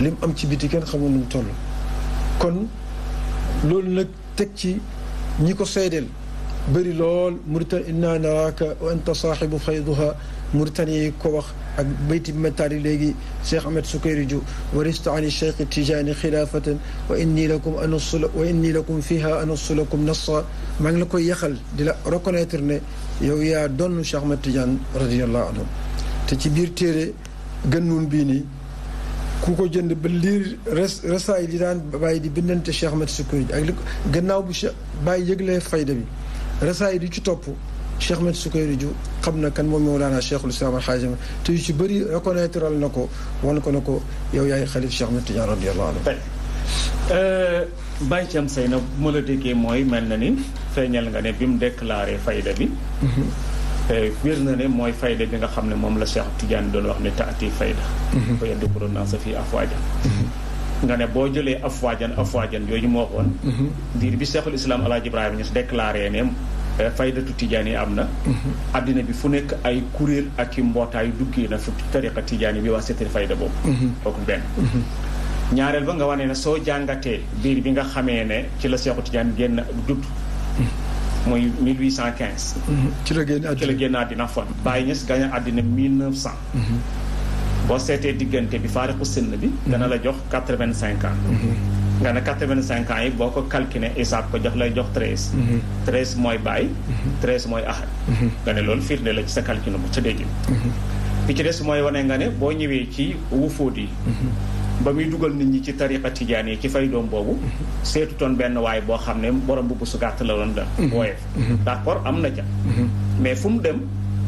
Speaker 2: lim am ci biti kenn xamul nu mu toll kon loolu nag teg ci ñi ko seedeel bëri lool Mauritanie inna naraaka wa anta saaxibu fayduha Mauritanie yi ko wax ak bayti métaar yi léegi Cheikh Ahmed Sukayri Ju warista ani Cheikh Tijaani xilaafatan wa inni lakum anusula wa inni lakum fiha anusulakum nassa maa ngi la koy yaxal di la reconnaître ne yow yaa donn Cheikh Ahmed Tidiane radiallahu anhu te ci biir téere gënnuun bii nii ku ko jënd ba liir res resaay li daan bàyyi di bindante Cheikh Ahmed Sukayri ak li gannaaw bu Cheikh bàyyi yëglee fayda bi rasaayid yi ci topp Cheikh Ahmed Sukayri xam na kan moom Mawlaana Cheikhul Islam Alxaaji ma te yu ci bëri reconnaître na ko wan ko na ko yow yaay xalif Cheikh Ahmed Tijaan radiyallahu anhu
Speaker 1: euh, Baye Thiam Sey na bu ma la déggee mooy mel na ni feeñal nga ne bi mu déclaré fayda bi mhm. wér na ne mooy fayda bi nga xam ne moom la Cheikh Tidiane doon wax ne taati fayda ko yeddi ko doon naa sa fii nga ne boo jëlee afwaajan afwaajan yooyu moo waxoon mm-hmm. diir bi seexul islam alaaji ibrahima ñas déclaré ne faydatu tijaan yi am na addina mm-hmm. bi fu nekk ay kuréel ak i mbootaay duggee na fu tariqa tijaan yi bi waa seetal fayda boobu mm-hmm. kooku
Speaker 3: benn
Speaker 1: ñaareel ba nga wane ne soo jàngatee diir bi nga xamee ne ci la seexu tijaan génn judd mooy 1815 ci la génn àddina ci la génn àddina fon bàyyi ñas gaañ àddina 1900 boo seetee diggante bi faariqu sinn bi dana la jox quatre vingt cinq ans mhm. nga ne quatre vingt cinq ans yi boo ko calculé isaab ko jox lay jox treize mhm. treize mooy baay mhm. treize mooy ahad nga ne loolu firnde la ci sa calcul bu sa déggin bi ci des mooy wanee nga ne boo ñëwee ci wufood yi ba muy dugal nit ñi ci tariqa tijaan yi ci fay doom boobu seetu toon benn waay boo xam ne borom bu bu su gàtt la woon la wooyef d'accord am na ca mais fu mu dem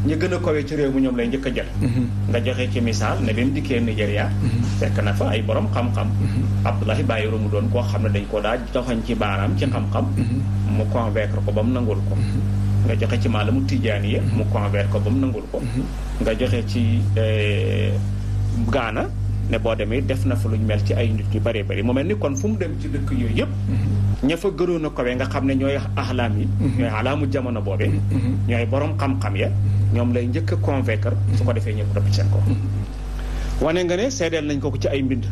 Speaker 1: ñi gën a kawee ci réew mi ñoom lay njëkk a jël mhm. nga joxe ci misaal ne bi mu dikkee Nigéria mhm. fekk na fa ay borom xam-xam mhm. Abdoulaye bàyyi mu doon koo xam ne dañ ko daa joxañ ci baaraam ci xam-xam mu convaincre ko ba mu nangul ko nga joxe ci mu Tijaani yi mu convaincre ko ba mu nangul ko nga joxe ci eh, Gaana ne boo demee def na fa lu ñu mel ci ay nit yu bëree bëri mu mel ni kon fu mu dem ci dëkk yooyu yëpp mhm. ña fa gëroon a kawe nga xam ne ñooy axlaam yi mhm. ñooy alaamu jamono boobe mhm. ñooy boroom xam-xam ya ñoom lay njëkk a convaincre su ko defee ñëpp topp seen ko wane nga ne seedeel nañ ko ko ci ay mbind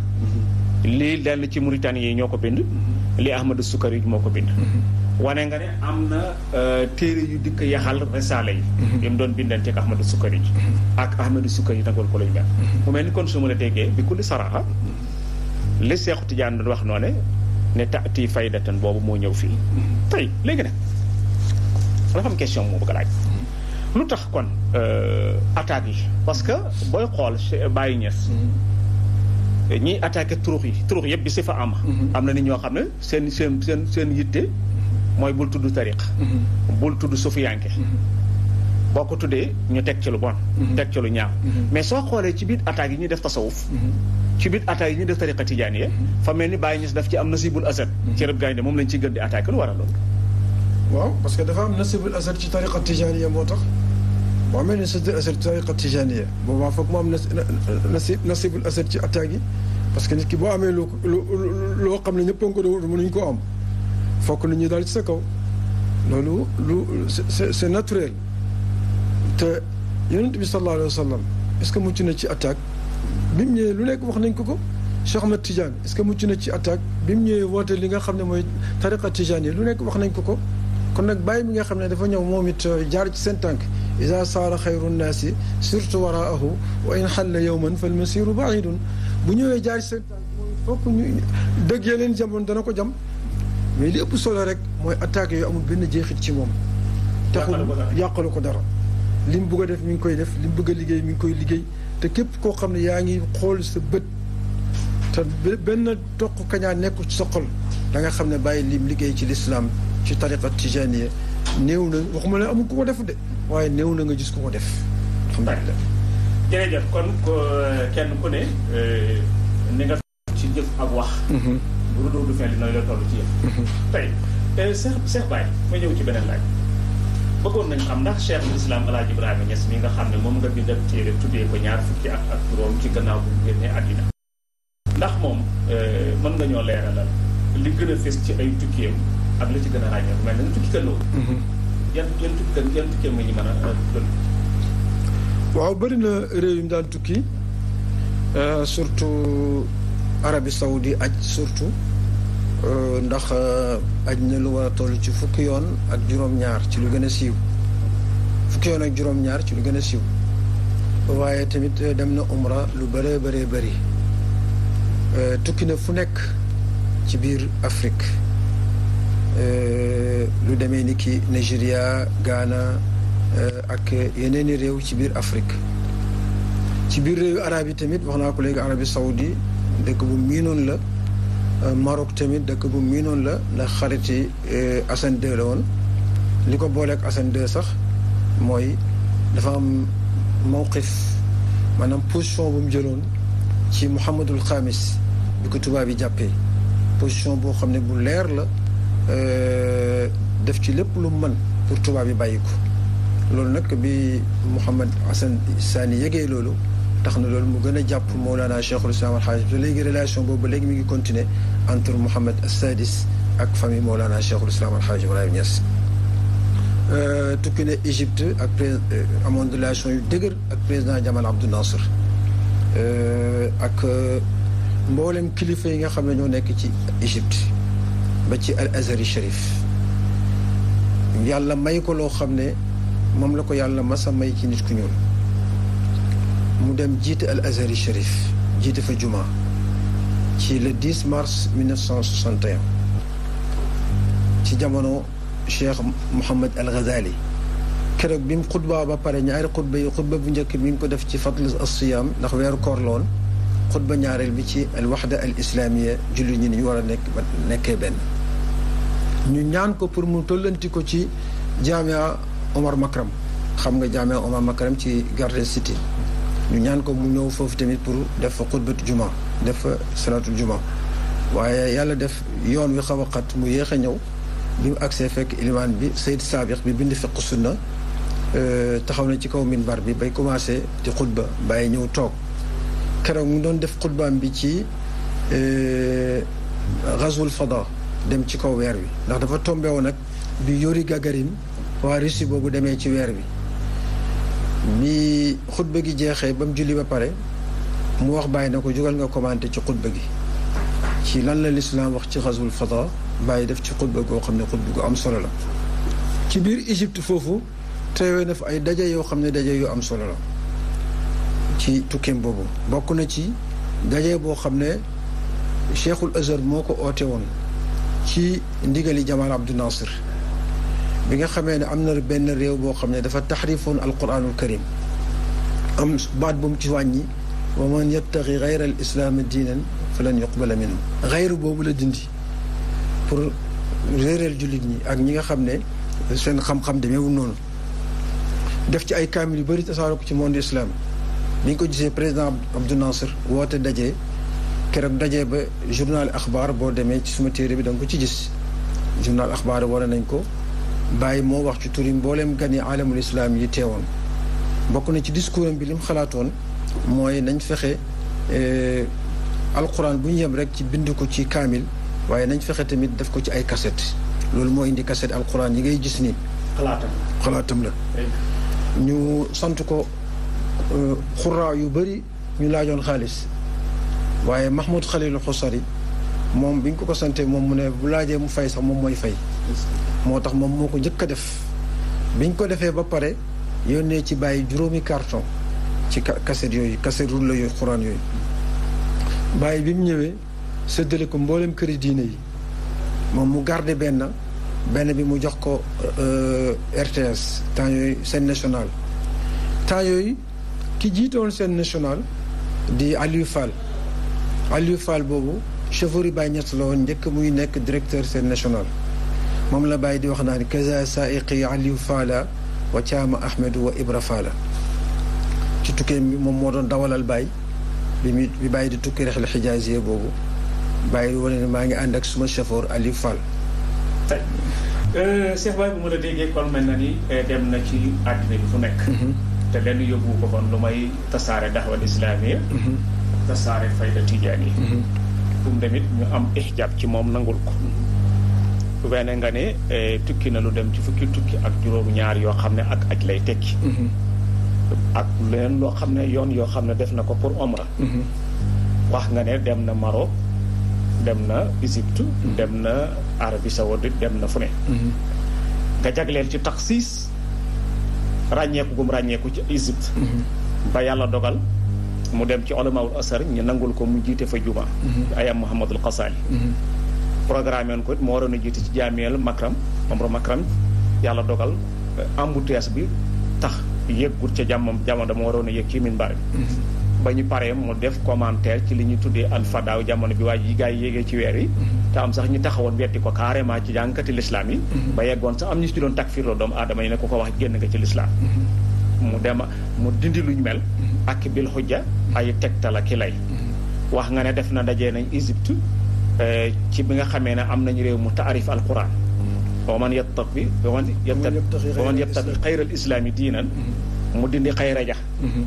Speaker 1: lii lenn ci Mauritanie yi ñoo ko bind lii Ahmadou Soukari moo ko bind wane nga ne am na euh, téere yu dikk yaxal risaala yi mhm. yi doon bindanteeg Ahmadu Sukkari ji mhm. ak Ahmadu Sukkari yi nagol ko lañu mel mhm. mu mel ni kon su ma la déggee bi kulli saraxa li Seexu Tijaan doon wax noone ne taati faydatan boobu moo ñëw fii tey léegi nag dafa question moo bëgg laaj lu tax kon euh, attaques yi parce que booy xool euh, bàyyi Niass ñiy attaqué turux yi turux yëpp bi si fa am am na nit ñoo xam ne seen seen seen seen yitte mooy bul tudd tariq mm-hmm. bul tudd sufiyanke mm-hmm. boo ko tuddee ñu teg ci lu bon mm-hmm. teg ci lu ñaaw mais soo xoolee ci biir attaques yi ñuy def tasawuf ci biir attaques yi ñuy def tariqa a fa mel ni bàyyi ñus daf ci am nasibul asad ci rëb gaynde moom lañ ciy gën di attaqué lu war a loolu
Speaker 2: waaw parce que dafa am nasibul asad ci tariqa tijaaniya moo tax boo amee nasibul asad ci tariqa tijaaniya boobaa foog mu am nasib ci attaques yi parce que nit ki boo amee lu loo xam ne ñëpp a ngi ko doon mënuñ koo am fokk nit ñi dal ci sa kaw loolu lu c'est c'est naturel te yonent bi sallallahu alayhi wa sallam est-ce que mucc na ci attaque bi mu ñëwee lu nekk wax nañ ko ko Cheikh Ahmed Tidiane est-ce que mucc na ci attaque bi mu ñëwee woote li nga xam ne mooy tariqa Tidiane yi lu nekk wax nañ ko ko kon nag bàyyi mi nga xam ne dafa ñëw moom it euh, jaar ci seen tànk ida saara xayru naasi surtout waraahu wa in xalla yowman fal masiru baidun bu ñëwee jaar ci seen tànk moom fokk ñu dëggee leen jamoon dana ko jam mais li ëpp solo rek mooy attaques yooyu amul benn jeexit ci moom. te taxul yàqalu ko dara. li mu bëgg a def mi ngi koy def li mu bëgg a liggéey mi ngi koy te képp koo xam ne yaa ngi xool sa bët te benn toq kañaa nekku ci soxal da nga xam ne bàyyi lim liggéey ci lislaam ci tariqa tijaniyya néew na waxuma ne amul ku defu de waaye néew na nga gis ku ko def. alhamdulilah jërëjëf kon kenn ku ne euh, ni nga.
Speaker 1: jëf ak wax. Mhm. bu rëddoo du fenn nooy la toll ci yëf. Mhm. tey Cheikh Cheikh Baye ma ñëw ci beneen laaj bëggoon nañ xam ndax Cheikhul Islam El Hadj Ibrahima Niass mi nga xam ne moom nga bind ab téere tuddee ko ñaar fukki ak ci gannaaw bu mu génnee àddina. ndax moom euh, mën nga ñoo leeralal gën a fës ci ay tukkeem ak la ci gën a ràññee bu
Speaker 2: mel ne tukki kan loolu. Mhm. yan yan tukki kan yan tukkeem a euh, waaw bëri réew yi mu tukki euh, surtout. Arabie Saoudi aj surtout euh, ndax euh, aj na lu war a toll ci fukki yoon ak juróom-ñaar ci lu gën siiw fukki ak juróom ci lu gën a siiw waaye tamit euh, dem na umra lu bëree bëree bëri tukki na fu nekk ci biir Afrique lu demee ni ki Nigeria Ghana ak yeneeni réew ci biir Afrique ci biir réewu arab yi tamit wax naa ko léegi Arabie Saoudi dëkk bu miinoon la euh, Maroc tamit dëkk bu miinoon la ndax xarit yi Hassan euh, II la woon li ko booleek Hassan II sax mooy dafa am mawqif maanaam position bum mu jëloon ci Mouhamadul Xaamis bi ko tubaab yi jàppee position boo xam ne bu leer la euh, def ci lépp lu mu pour tubaab yi bàyyi loolu nag bi Mouhamad Hassan Saani yegee loolu tax na loolu mu gën a jàpp Mawlana Cheikhul Islam alxaaj te léegi relation boobu ba léegi mi ngi continuer entre Mouhamed Sadis ak famille Mawlana Cheikhul Islam alxaaj Ibrahim Niass euh, tukki ne Égypte ak prés euh, amoon relation yu dëgër ak président Jamal Abdou Nasser euh, ak mboolem kilifa yi nga xam ne ñoo nekk ci Égypte ba ci al Azhari Sharif yàlla may ko loo xam ne moom la ko yàlla masa may ci nit ku ñuul mu dem jiite al azhari sharif jiite fa juma ci le 10 mars 1961 ci jamono cheikh Mouhamed al Ghazali keroog bi mu xutba ba pare ñaari xutba yi xutba bu njëkk mi ngi ko def ci fadl as-siyaam ndax weeru koor lool xutba ñaareel bi ci al waxda al islaamiya julli ñi ni ñu war a nekk nekkee benn ñu ñaan ko pour mu tollanti ko ci jaamia Omar Makram xam nga jaamia Omar Makram ci Garden City ñu ñaan ko mu ñëw foofu tamit pour def fa xutbatu juma def fa salaatul juma waaye yàlla def yoon wi xaw a xat mu yéex a ñëw bi mu agsee fekk ilimaan bi sayid saabix bi bind fiq sunna euh, taxaw na ci kaw minbar bi bay commencé di xutba bàyyi ñëw toog keroog mu doon def xutbaam bi ci euh, gazwul fada dem ci kaw weer wi ndax dafa tombé nag bi yori Gagarin waa Russie boobu demee ci weer wi bi xutba gi jeexee ba mu julli ba pare mu wax bàyyi na ko jugal nga commenté ci xutba gi ci lan la lislaam wax ci xazwul fada bàyyi def ci xutba goo xam ne xutba gu am solo la ci biir Égypte foofu teewee na fa ay daje yoo xam ne daje yu am solo la ci tukkeem boobu bokk na ci daje boo xam ne cheikhul azhar moo ko ootee woon ci ndigali Jamal Abdou Nasir bi nga xamee ne am na benn réew boo xam ne dafa taxrifoon alquranul karim am baat bu mu ci wàññi wa man yabtaxi gayra al islaami diinan falan yuqbala minhu gayru boobu la dindi pour réeral jullit ñi ak ñi nga xam ne seen xam-xam demeewul noonu def ci ay kaamil yu bëri tasaaroo ko ci monde islam bi ñu ko gisee président Abdou Nasser woote daje keroog daje ba journal axbaar boo demee ci suma téere bi da ko ci gis journal axbaar wane nañ ko Baye moo wax ci turi mbooleem gani alamul islam yi teewoon mbokk na ci discours am bi lim xalaatoon mooy nañ fexe eh, alquran bu ñu yem rek ci bind ko ci kaamil waaye nañ fexe tamit def ko ci ay cassette loolu moo indi kaset al alquran yi ngay gis ni xalaatam xalaatam la. ñu sant ko eh, xuraa yu bëri ñu laajoon xaalis waaye Mahmoud Khalil Khoussari moom bi ñu ko ko santee moom mu ne bu laajee mu fay sax moom mooy fay. moo tax moom moo ko njëkk a def biñ ko defee ba pare yónnee ci bàyyi juróomi carton ci kaset yooyu kaset rouleau yooyu xuraan yooyu bàyyi bi mu ñëwee séddale ko mbooleem këri diine yi moom mu garde benn benn bi mu jox ko euh, RTS temps yooyu seen national temps yooyu ki jiitoon seen national di Aliou Fall Aliou Fall boobu chauffeur yi Baye Niass la woon njëkk muy nekk directeur seen national moom la bàyyi di wax naa ni kaza saaiqi aliou faala wa caama ahmedu wa ibra faala ci tukkeem moom moo doon dawalal bàyyi bi bàyyi di tukki rex la xijaaziye boobu bàyyi wane ne maa ngi ànd ak suma chauffeur aliou fall
Speaker 1: euh, Cheikh Baye bu ma la déggee kon mel na ni euh, dem na ci àddina yi fu nekk mhm. te lenn yóbbu ko kon lu may tasaare daxwal islaamiya mhm. tasaare fayda tijaan yi bu mhm. mu ñu am ixjaab ci moom nangul ko beneen nga ne eh, tukki na lu dem ci fukki tukki ak juróom-ñaar yoo xam ne ak aj lay tekki. Mm-hmm. ak leneen loo xam ne yoon yoo xam ne def na ko pour omra. Mm-hmm. wax nga ne dem na maro dem na Égypte mm-hmm. dem na Arabie Saoudite dem na fu ne. nga jagleel ci taxis ràññeeku gum ràññeeku ci Égypte. ba yàlla dogal mu dem ci olamawul asar ñu nangul ko mu jiite fa juma. ayam Muhammadul Xasaali. programme woon ko moo waroon a jiite ci jaamiyal Makram Omar Makram yàlla dogal eh, embouteillage bi tax yëggut ca jàmmam jamono dama waroon a yëg ci minbar bi mm-hmm. ba ñu paree mu def commentaire ci li ñu tuddee alfadaaw jamono bi waa ji gaa yi yéegee ci weer yi mm-hmm. te am sax ñu taxawoon wetti ko carrément ci jànkati lislaam yi mm-hmm. ba yeggoon sax am ñu si doon takfiir la doomu aadama yi ne ko ko wax génn nga ci lislaam mu dema mu dindi luñ mel ak bil xujja ay tegtal ak ki lay nga ne def na dajee nañ ci bi nga xamee ne am nañu réew mu taarif alquran mm. wa man yattaqi wa man wa man yattaqi xayral islaami diinan mu dindi xayra ja mm-hmm.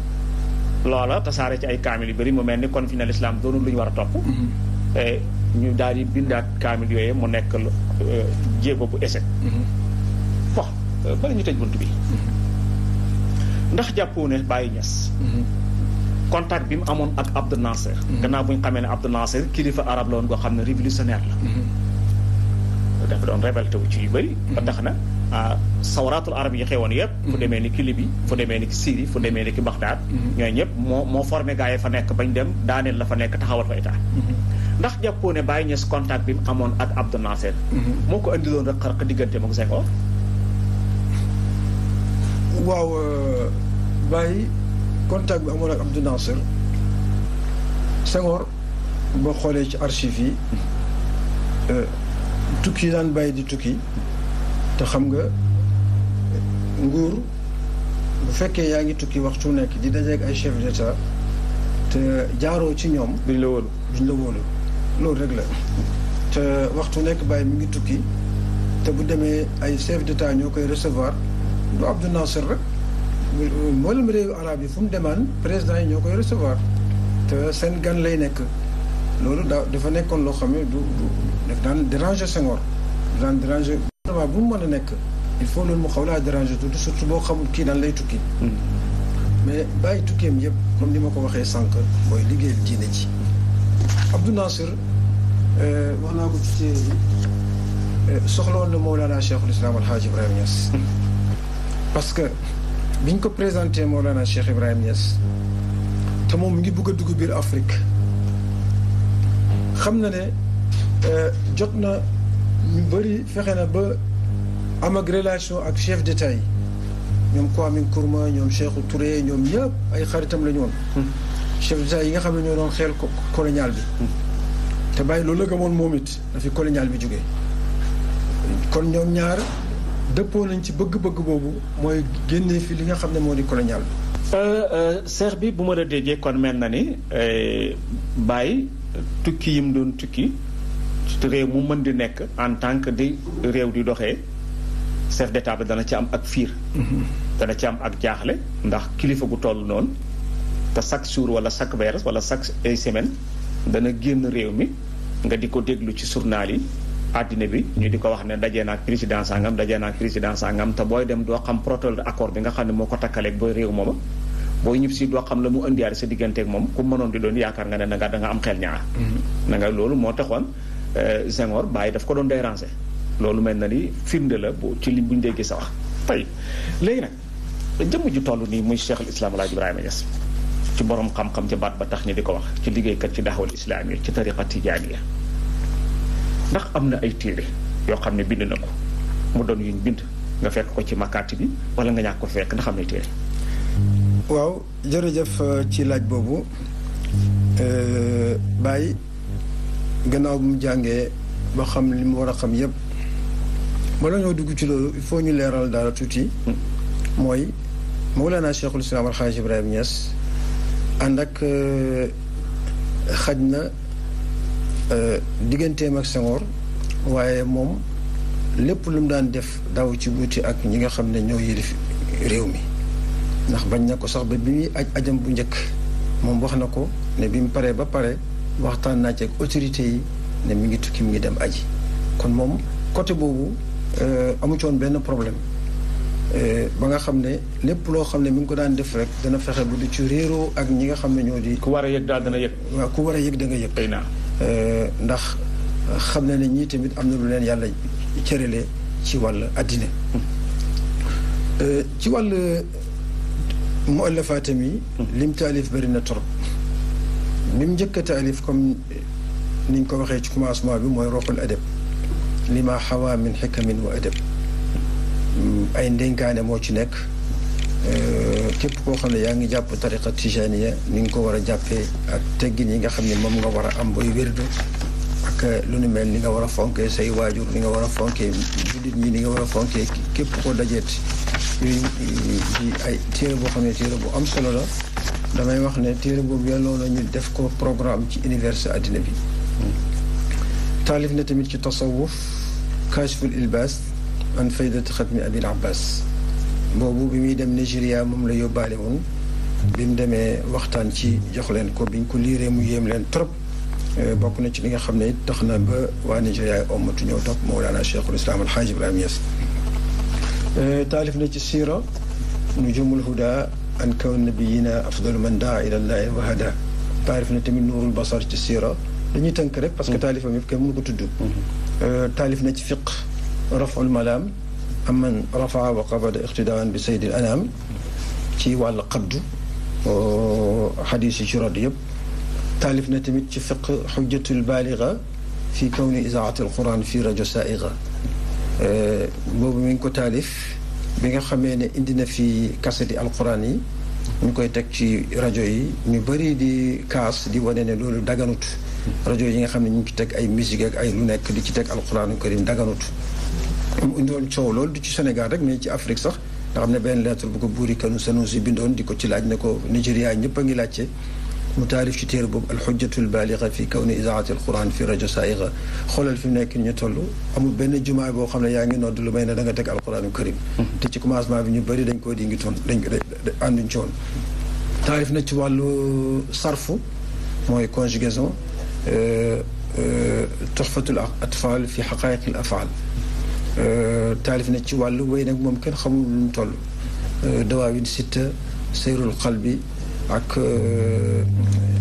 Speaker 1: loola tasaare ci ay kaamil yu bëri mu mel ni kon fi ne lislaam doonul lu ñu war topp mm-hmm. e, ñu daal di bindaat kaamil yooyu mu nekk e, jéego bu échec mm-hmm. bon bari ñu tëj bunt bi ndax jàppoo ne bàyyi ñes contact bi mu amoon ak Abdel Nasser. Mm-hmm. gannaaw bu xamee ne Abdel Nasser kilifa arab la woon goo xam ne révolutionnaire la.
Speaker 3: Mm-hmm.
Speaker 1: dafa doon révolté wu ci yu bëri. ba tax na mm-hmm. ah, sawraatul arab yi xewoon yëpp. fu demee ni ki Libi fu demee ni ki Syrie fu demee ni ki Bagdad. ñooy ñëpp moo moo formé gars yi fa nekk bañ dem daaneel la fa nekk taxawal fa état. ndax jàppoo ne Baye Niass contact bi mu amoon ak Abdel moo ko indiloon rek xarq diggante moom
Speaker 2: Senghor. waaw euh, Baye. contact bi amoon ak Abdou Nasser Senghor boo xoolee ci archives yi euh, tukki daan bàyyi di tukki te xam nga nguur bu fekkee yaa ngi tukki waxtu nekk di dajeeg ay chef d'état te jaaroo ci ñoom. duñ la wóolu duñ la wóolu loolu rek la te waxtu nekk bàyyi mi ngi tukki te bu demee ay chef d'état ñoo koy recevoir du Abdou Nasser rek. moo mboolem réewu arab yi fu mu demaan président yi ñoo koy recevoir te seen gan lay nekk loolu da dafa nekkoon loo xam ne du du daf daan déranger Senghor daan déranger bu mu mën a nekk il faut loolu mu xaw laa déranger tuuti surtout boo xamul kii daan lay tukki mm-hmm. mais bàyyi tukkeem yëpp comme li ma ko waxee sànq mooy liggéeyal diine ji Abdou Nasser euh, wax naa ko ci téere bi euh, soxla woon na Mawlana Cheikhul Islam Alhaji Ibrahima mm-hmm. parce que biñ ko présenté Mawlana Cheikh Ibrahim Niass te moom mi ngi bugg a dugg biir Afrique xam na ne euh, jot na ñu bëri fexe na ba am ak relation ak chef d'État yi ñoom Kwame Nkrumah ñoom Cheikh Touré ñoom yëpp ay xaritam la ñu woon. Hmm. chef d'État yi nga xam ne ñoo doon xeel colonial bi. Hmm. te bàyyi loolu la gëmoon moom it dafi colonial bi jógee kon ñoom ñaar dëppoo nañ ci bëgg-bëgg boobu mooy génnee fii li nga xam ne moo di colonial bi. Euh,
Speaker 1: euh, seex bi bu ma la déggee kon mel na ni euh, baay tukki yi mu doon tukki réew mu mën di nekk en tant que di réew di doxee chef d'état bi dana ci am ak fiir mm-hmm. dana ci am ak jaaxle ndax kilifa bu toll noonu te chaque jour wala chaque weer wala chaque semaine dana génn réew mi nga di ko déglu ci journal yi. àddina bi ñu di ko wax ne dajee naag président sangam dajee naag président sangam te booy dem doo xam protocole d'accord bi nga xam ne moo ko takkaleeg booy réew mooma booy ñib si doo xam la mu indiwaale sa digganteeg moom ku mënoon di doon yaakaar nga ne da nga da am xel ñaar mm-hmm. na loolu moo taxoon euh, Senghor bàyyi daf ko doon déranger loolu mel na ni firnde la bu ci li buñ dee gis sa wax tey léegi nag jëmm ji toll nii muy Cheikh al Islam Alaaji Ibrahima Niass ci borom xam-xam baat ba tax ñi di ko wax ci liggéeykat ci daxawal islaam yi ci tariqa tijaaniya ndax am na ay téere yoo xam ne bind na ko mu doon yuñ bind nga fekk ko ci makaati bi walla nga ñàkk ko fekk ndax am na ay téere
Speaker 2: waaw jërëjëf euh, ci laaj boobu euh, Baye gannaaw bu mu jàngee ba xam li mu war a xam yépp bala ñoo dugg ci loolu il faut ñu leeral dara tuuti mooy moo Mawlana Cheikhul Islam Alxaaj Ibrahima Niass ànd ak euh, xaj na Euh, digganteem ak Senghor waaye moom lépp lu mu daan def daaw ci buuti ak ñi nga xam ne ñoo yilif réew mi ndax bañ na ko sax ba bi muy aj ajam bu njëkk moom wax na ko ne bi mu paree ba pare waxtaan naa ci ak autorité yi ne mi ngi tukki mu ngi dem aji kon moom côté boobu euh, amu ci benn problème euh, ba nga xam ne lépp loo xam ne mi ngi ko daan def rek dana fexe bu du ci réeroo ak ñi nga xam ne ñoo di. ku war a yëg daal dana yëg. waa ku war a yëg da nga yëg. Euh, ndax xam na ne ñii tamit am na lu leen yàlla cërale ci wàll àddina euh, ci wàll muallafaatam yi lim taalif bëri na trop lim njëkk a taalif comme ni ko waxee ci commencement bi mooy roxul adab li ma xawaa min xikamin wa adab mm, ay ndénkaane moo ci nekk Euh, képp koo xam ne yaa ngi jàpp tariqa tijaniya ni ngi ko war a jàppee ak teggin yi nga xam ne moom nga war a am booy wérdu ak lu ni mel ni nga war a fonkee say waajur ni nga war a fonke jullit ñi ni nga war a fonkee képp ko dajeet yooyu ay téere boo xam ne téere bu am solo la damay wax ne téere boobu yelloo na ñu def ko programme ci université àddina bi taalif na tamit ci tasawuf kashful ilbas an faydati xatmi abil abbas boobu bi muy dem Nigéria moom la yóbbaale woon bi mu demee waxtaan ci jox leen ko biñ ko liiree mu yéem leen trop euh, bokk na ci li nga xam ne tax na ba waa Nigéria ommatu ñëw topp Mawlana Cheikhul Islam Al Hadj Ibrahima Niass euh, taalif na ci siira nujumul huda an kawn nabiyina afdalu man daa ila llahi wa hada taalif na tamit nuurul basar ci siira dañuy tënk rek parce que mm-hmm. taalifam yëpp kenn mënu ko tudd mm-hmm. euh, taalif na ci fiq raful malaam aman rafaa wa qabada iqtidaan bi seyd anam ci wàllu qabdu uh, xadiis yi ci rodd yëpp taalif na tamit ci fiq xujjatul baaliga fi kawni izaatil quran fi rajo saaiga uh, boobu mi ngi ko taalif bi nga xamee ne indi na fi kaseti alquran yi ñu koy teg ci rajo yi ñu bëri di kaas di wane ne loolu daganut rajo yi nga xam ne ñu ngi ci teg ay musique ak ay lu nekk di ci teg alquranu karim daganut mu indiwoon coow loolu du ci Sénégal rek ci Afrique sax nga xam ne benn lettre bu ko buuri kanu Sanusi bindoon di ko ci laaj ne ko Nigéria ñëpp a ngi laajte mu taarif ci téere boobu alxujjatul baaliga fi kawni idaati alquran fi rajo saaiga xoolal fi mu nekk ñu toll amul benn jumaa boo xam ne yaa ngi nodd lu may ne da nga teg alquranul karim te ci commencement bi ñu bëri dañ koo di ngi toon dañ ànduñ ci woon taarif na ci wàllu sarfu mooy conjugaison euh, euh, tuxfatul atfal fi xaqaayiq al afaal Euh, taalif na ci wàllu way nag moom kenn xamul lu mu toll euh, dawaawin sitta sayrul qalbi ak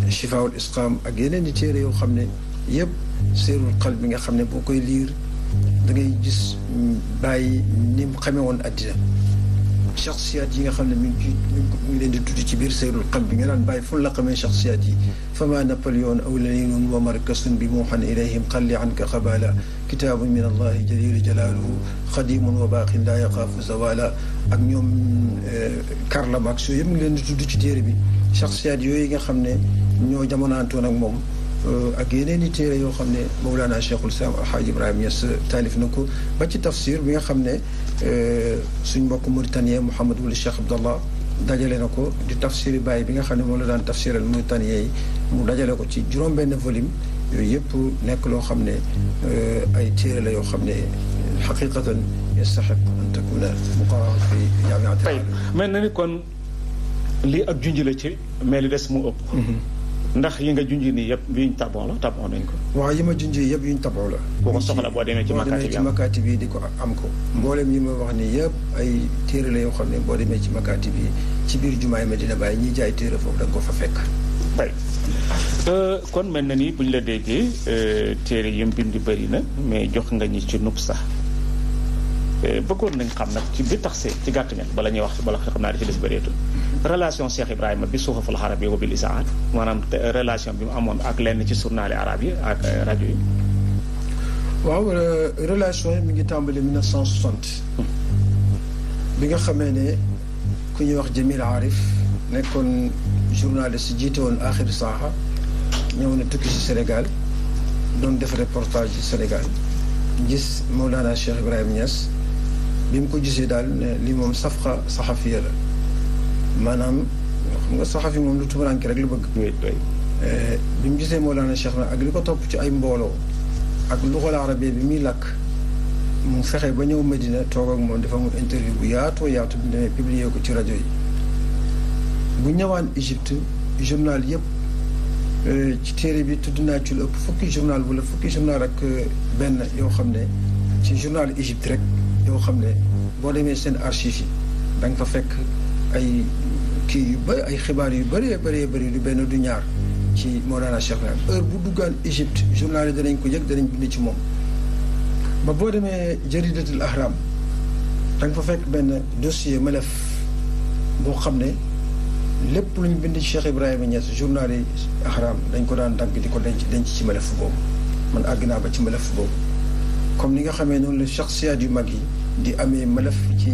Speaker 2: chifaawul euh, isqaam ak yeneen i téere yoo xam ne yëpp sayrul qalbi nga xam ne boo koy liir dangay ngay gis mm, ni mu xamee woon addina shaxsiyaat yi nga xam ne mi ngi mi ngi leen di tudd ci biir seyrul xam bi nga daan bàyyi fu la xamee shaxsiyaat yi fama napoléon aw leninun wa markasun bi muuxan ilayhim xalli anka xabala kitaabun min allahi jalilu jalaaluhu xadimun wa baaqin laa yaxaafu zawala ak ñoom eh, Karl Marx yooyu yëpp mi ngi leen di tudd ci téere bi shaxsiyaat yooyu nga xam ne ñoo jamonaantoon ak moom Euh, ak yeneen i téere yoo xam ne Mawlana Cheikhul Islam Alhaaj Ibrahima Niass taalif na ko ba ci tafsir bi nga xam ne euh, suñ mbokk mauritanien Mouhamad wala Cheikh Abdallah dajale na ko di tafsiri bàyyi bi nga xam ne moom la daan tafsiral mauritanien yi mu dajale ko ci juróom-benn volume yooyu yëpp nekk loo xam ne euh, ay téere yoo xam ne xaqiqatan yastaxiq an takuna muqarrar fi jaamiat mais na lii ak
Speaker 1: junj ci mais li des mu ëpp mhm. ndax yi nga junj nii yëpp yuñ tabon la tabon nañ ko
Speaker 2: waa yi ma junj yëpp yuñ tabon la boo ko soxla boo demee ci makaati bi di ko am ko mboolem yi ma wax ni yëpp ay téere la yoo xam ne boo demee ci makaati bi ci biir jumaay ma dina bàyyi ñuy jaay téere foofu da ko fa fekk
Speaker 1: bay euh, kon mel na ni bu ñu la déggee euh, téere yi mu bind bëri na mais jox nga ñi ci nub sax euh, bëggoon nañ xam nag ci bi tax see ci gàtt ña bala ñuy wax bala xam naa di ci des relation Cheikh Ibrahima bi suxuful xarab yi wa bil relation bi mu amoon ak lenn ci journali arab yi ak eh,
Speaker 2: rajo yi. waaw euh, relation mi ngi tàmbali 1960. bi nga xamee ne ku ñuy wax Jamil Arif nekkoon journaliste jiite woon Axir Saaxa ñëw na tukki ci Sénégal doon def reportage ci Sénégal gis Mawlana Cheikh Ibrahima Niass bi mu ko gisee daal ne li moom safqa saxafiya la. maanaam xam nga saxafi moom lu tumuranke rek lu bëgg euh, bi mu gisee moo Mawlana Cheikh na ak li ko topp ci ay mbooloo ak luxal arabe bi muy lakk mu fexe ba ñëw Medina toog ak moom dafa mu interview bu yaatoo yaatu bi demee publier ko ci rajo yi bu ñëwaan Égypte journal yëpp euh, ci téere bi tudd naa ci lu ëpp fukki journal wala fukki journal rek euh, benn yoo xam ne ci journal Égypte rek yoo xam ne boo demee seen archives yi da nga fa fekk ay kii yu bëri ay xibaar yu bëree bëree bëri du benn du ñaar ci Mawlana Cheikh Ibrahim heure bu duggaan Égypte journal yi danañ ko yëg danañ bind ci moom ba boo demee jaridatul ahram da nga fa fekk benn dossier melef boo xam ne lépp lu ñu bind ci Cheikh Ibrahima Niass dañ ko daan dagg di ko denc denc ci melef boobu man àgg naa ba ci melef boobu comme ni nga xamee noonu la chaxsiyaat yu mag yi di amee melef ci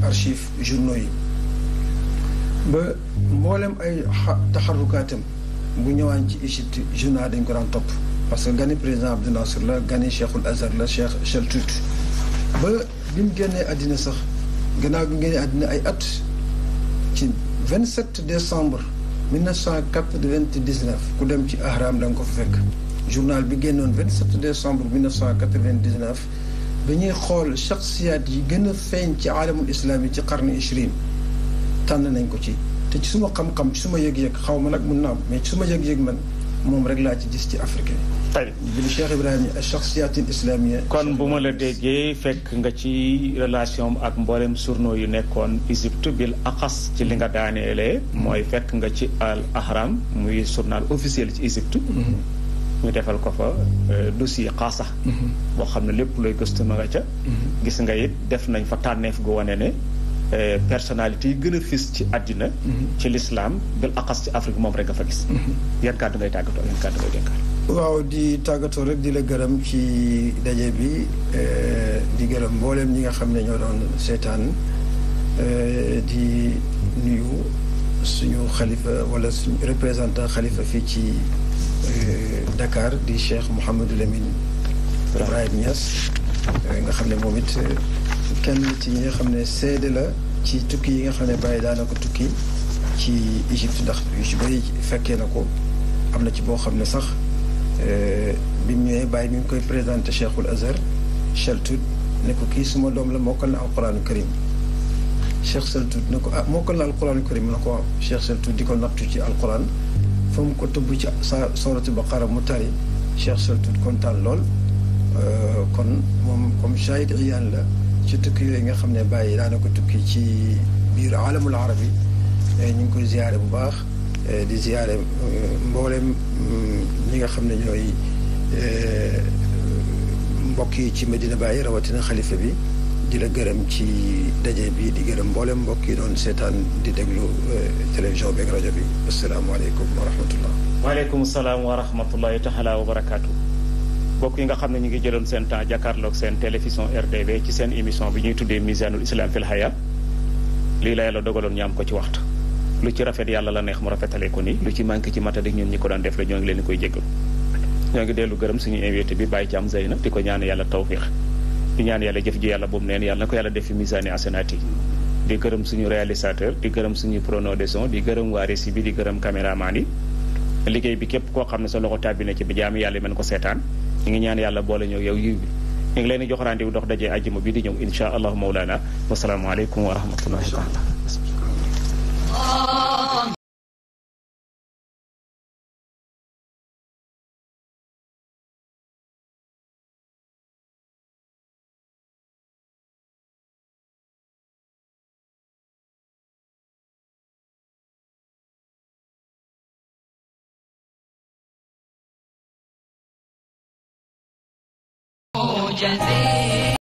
Speaker 2: archive journaux yi ba mboolem ay taxarukaatam bu ñëwaan ci Égypte journal dañ ko daan topp parce que gani président Abdou Nasser la gani Cheikhul Azhar la Cheikh Cheltut ba bi mu génnee àddina sax gannaaw bi mu génnee àddina ay at ci 27 décembre 1999 ku dem ci ahram da nga ko fa fekk journal bi génnoon 27 décembre 1999 ba ñuy xool shaxsiyaat yi gën a feeñ ci aalamul islaam yi ci qarne 20 tànn nañ ko ci te ci suma xam-xam ci suma yëg-yëg xaw ma nag mun naa am mais ci suma yëg-yëg man moom rek laa ci gis ci africain bi Cheikh Ibrahima yi shaxsiyatin islamia
Speaker 1: kon bu ma la déggee fekk nga ci relation ak mboolem journaux yu nekkoon Égypte bil axas ci li nga daaneelee mooy fekk nga ci al ahram muy journal officiel ci Égypte mm-hmm. ñu defal ko fa euh, dossier xaasa mm-hmm. boo xam ne lépp looy gëstu ma nga ca mm-hmm. gis nga it def nañ fa tànneef gu wane ne Euh, personnalité yi gën a fis ci àddina mhm. ci lislaam bil aqas ci Afrique moom rek nga fa gis mhm. yan kàddu ngay tàggatoo yan kàddu ngay dénkaat
Speaker 2: waaw di tàggatoo rek di la gërëm ci daje bi euh, di gërëm mbooleem ñi nga xam ne ñoo doon seetaan euh, di nuyu suñu xalifa wala suñu représentant xalifa fii ci Dakar di Cheikh Mouhamadou Lamine Ibrahim Niass nga xam ne moom it kenn ci ñi nga xam ne seede la ci tukki yi nga xam ne bàyyi daana ko tukki ci Égypte ndax yu ci bëri fekkee na ko am na ci boo xam ne sax euh, bi mu ñëwee bàyyi mi ngi koy présenté Cheikhul Azhar Cheltout ne ko kii suma doom la mokkal na alquranu karim Cheikh Cheltout ne ko ah mokkal na alquranu karim mu ne ko waaw Cheikh Cheltout di ko nattu ci alquran fa mu ko tëbb ci sa sooratu baqara mu tari Cheikh Cheltout kontaan lool euh, kon moom comme chahid iyaan la ci tukki yooyu nga xam ne bàyyi na ko tukki ci biir alamul arabi eh, ñu ngi koy ziyaare bu baax eh, di ziyaare eh, mboolem mm, ñi nga xam ne ñooy mbokk yi ci madina bàyyi rawatina xalifa bi di la gërëm ci daje bi di gërëm mboolem mbokk yi doon seetaan di déglu télévision beeg rajo bi asalaamaaleykum wa rahmatullah
Speaker 1: waaleykum salaam wa rahmatullahi taala wa barakaatu mbokk yi nga xam ne ñu ngi jëloon seen temps jàkkaarloog seen télévision RTV ci seen émission bi ñuy tuddee Mizanul Islam fil Haya lii la yàlla dogaloon ñu am ko ci waxtu lu ci rafet yàlla la neex mu rafetalee ko ni lu ci manqué ci matadi ñun ñi ko daan def la ñoo ngi leen di koy jéggal ñoo ngi dellu gërëm suñu invité bi Baye Thiam Zeyna di ko ñaan yàlla tawfiix di ñaan yàlla jëf ji yàlla boobu neen yàlla na ko yàlla def fi misaani asanaat yi di gërëm suñu réalisateur di gërëm suñu preneur de son di gërëm waa régie bi gërëm caméraman yi liggéey bi képp koo xam ne sa loxo tàbbi na ci bi yàlla mën ko seetaan ñu ngi ñaan yàlla boole ñëw yow yiw bi ngi leen di jox rendez daje dox dajee bi di ñëw insha allahu mawlana wasalaamu aleykum wa rahmatullahi taala
Speaker 3: جزيلا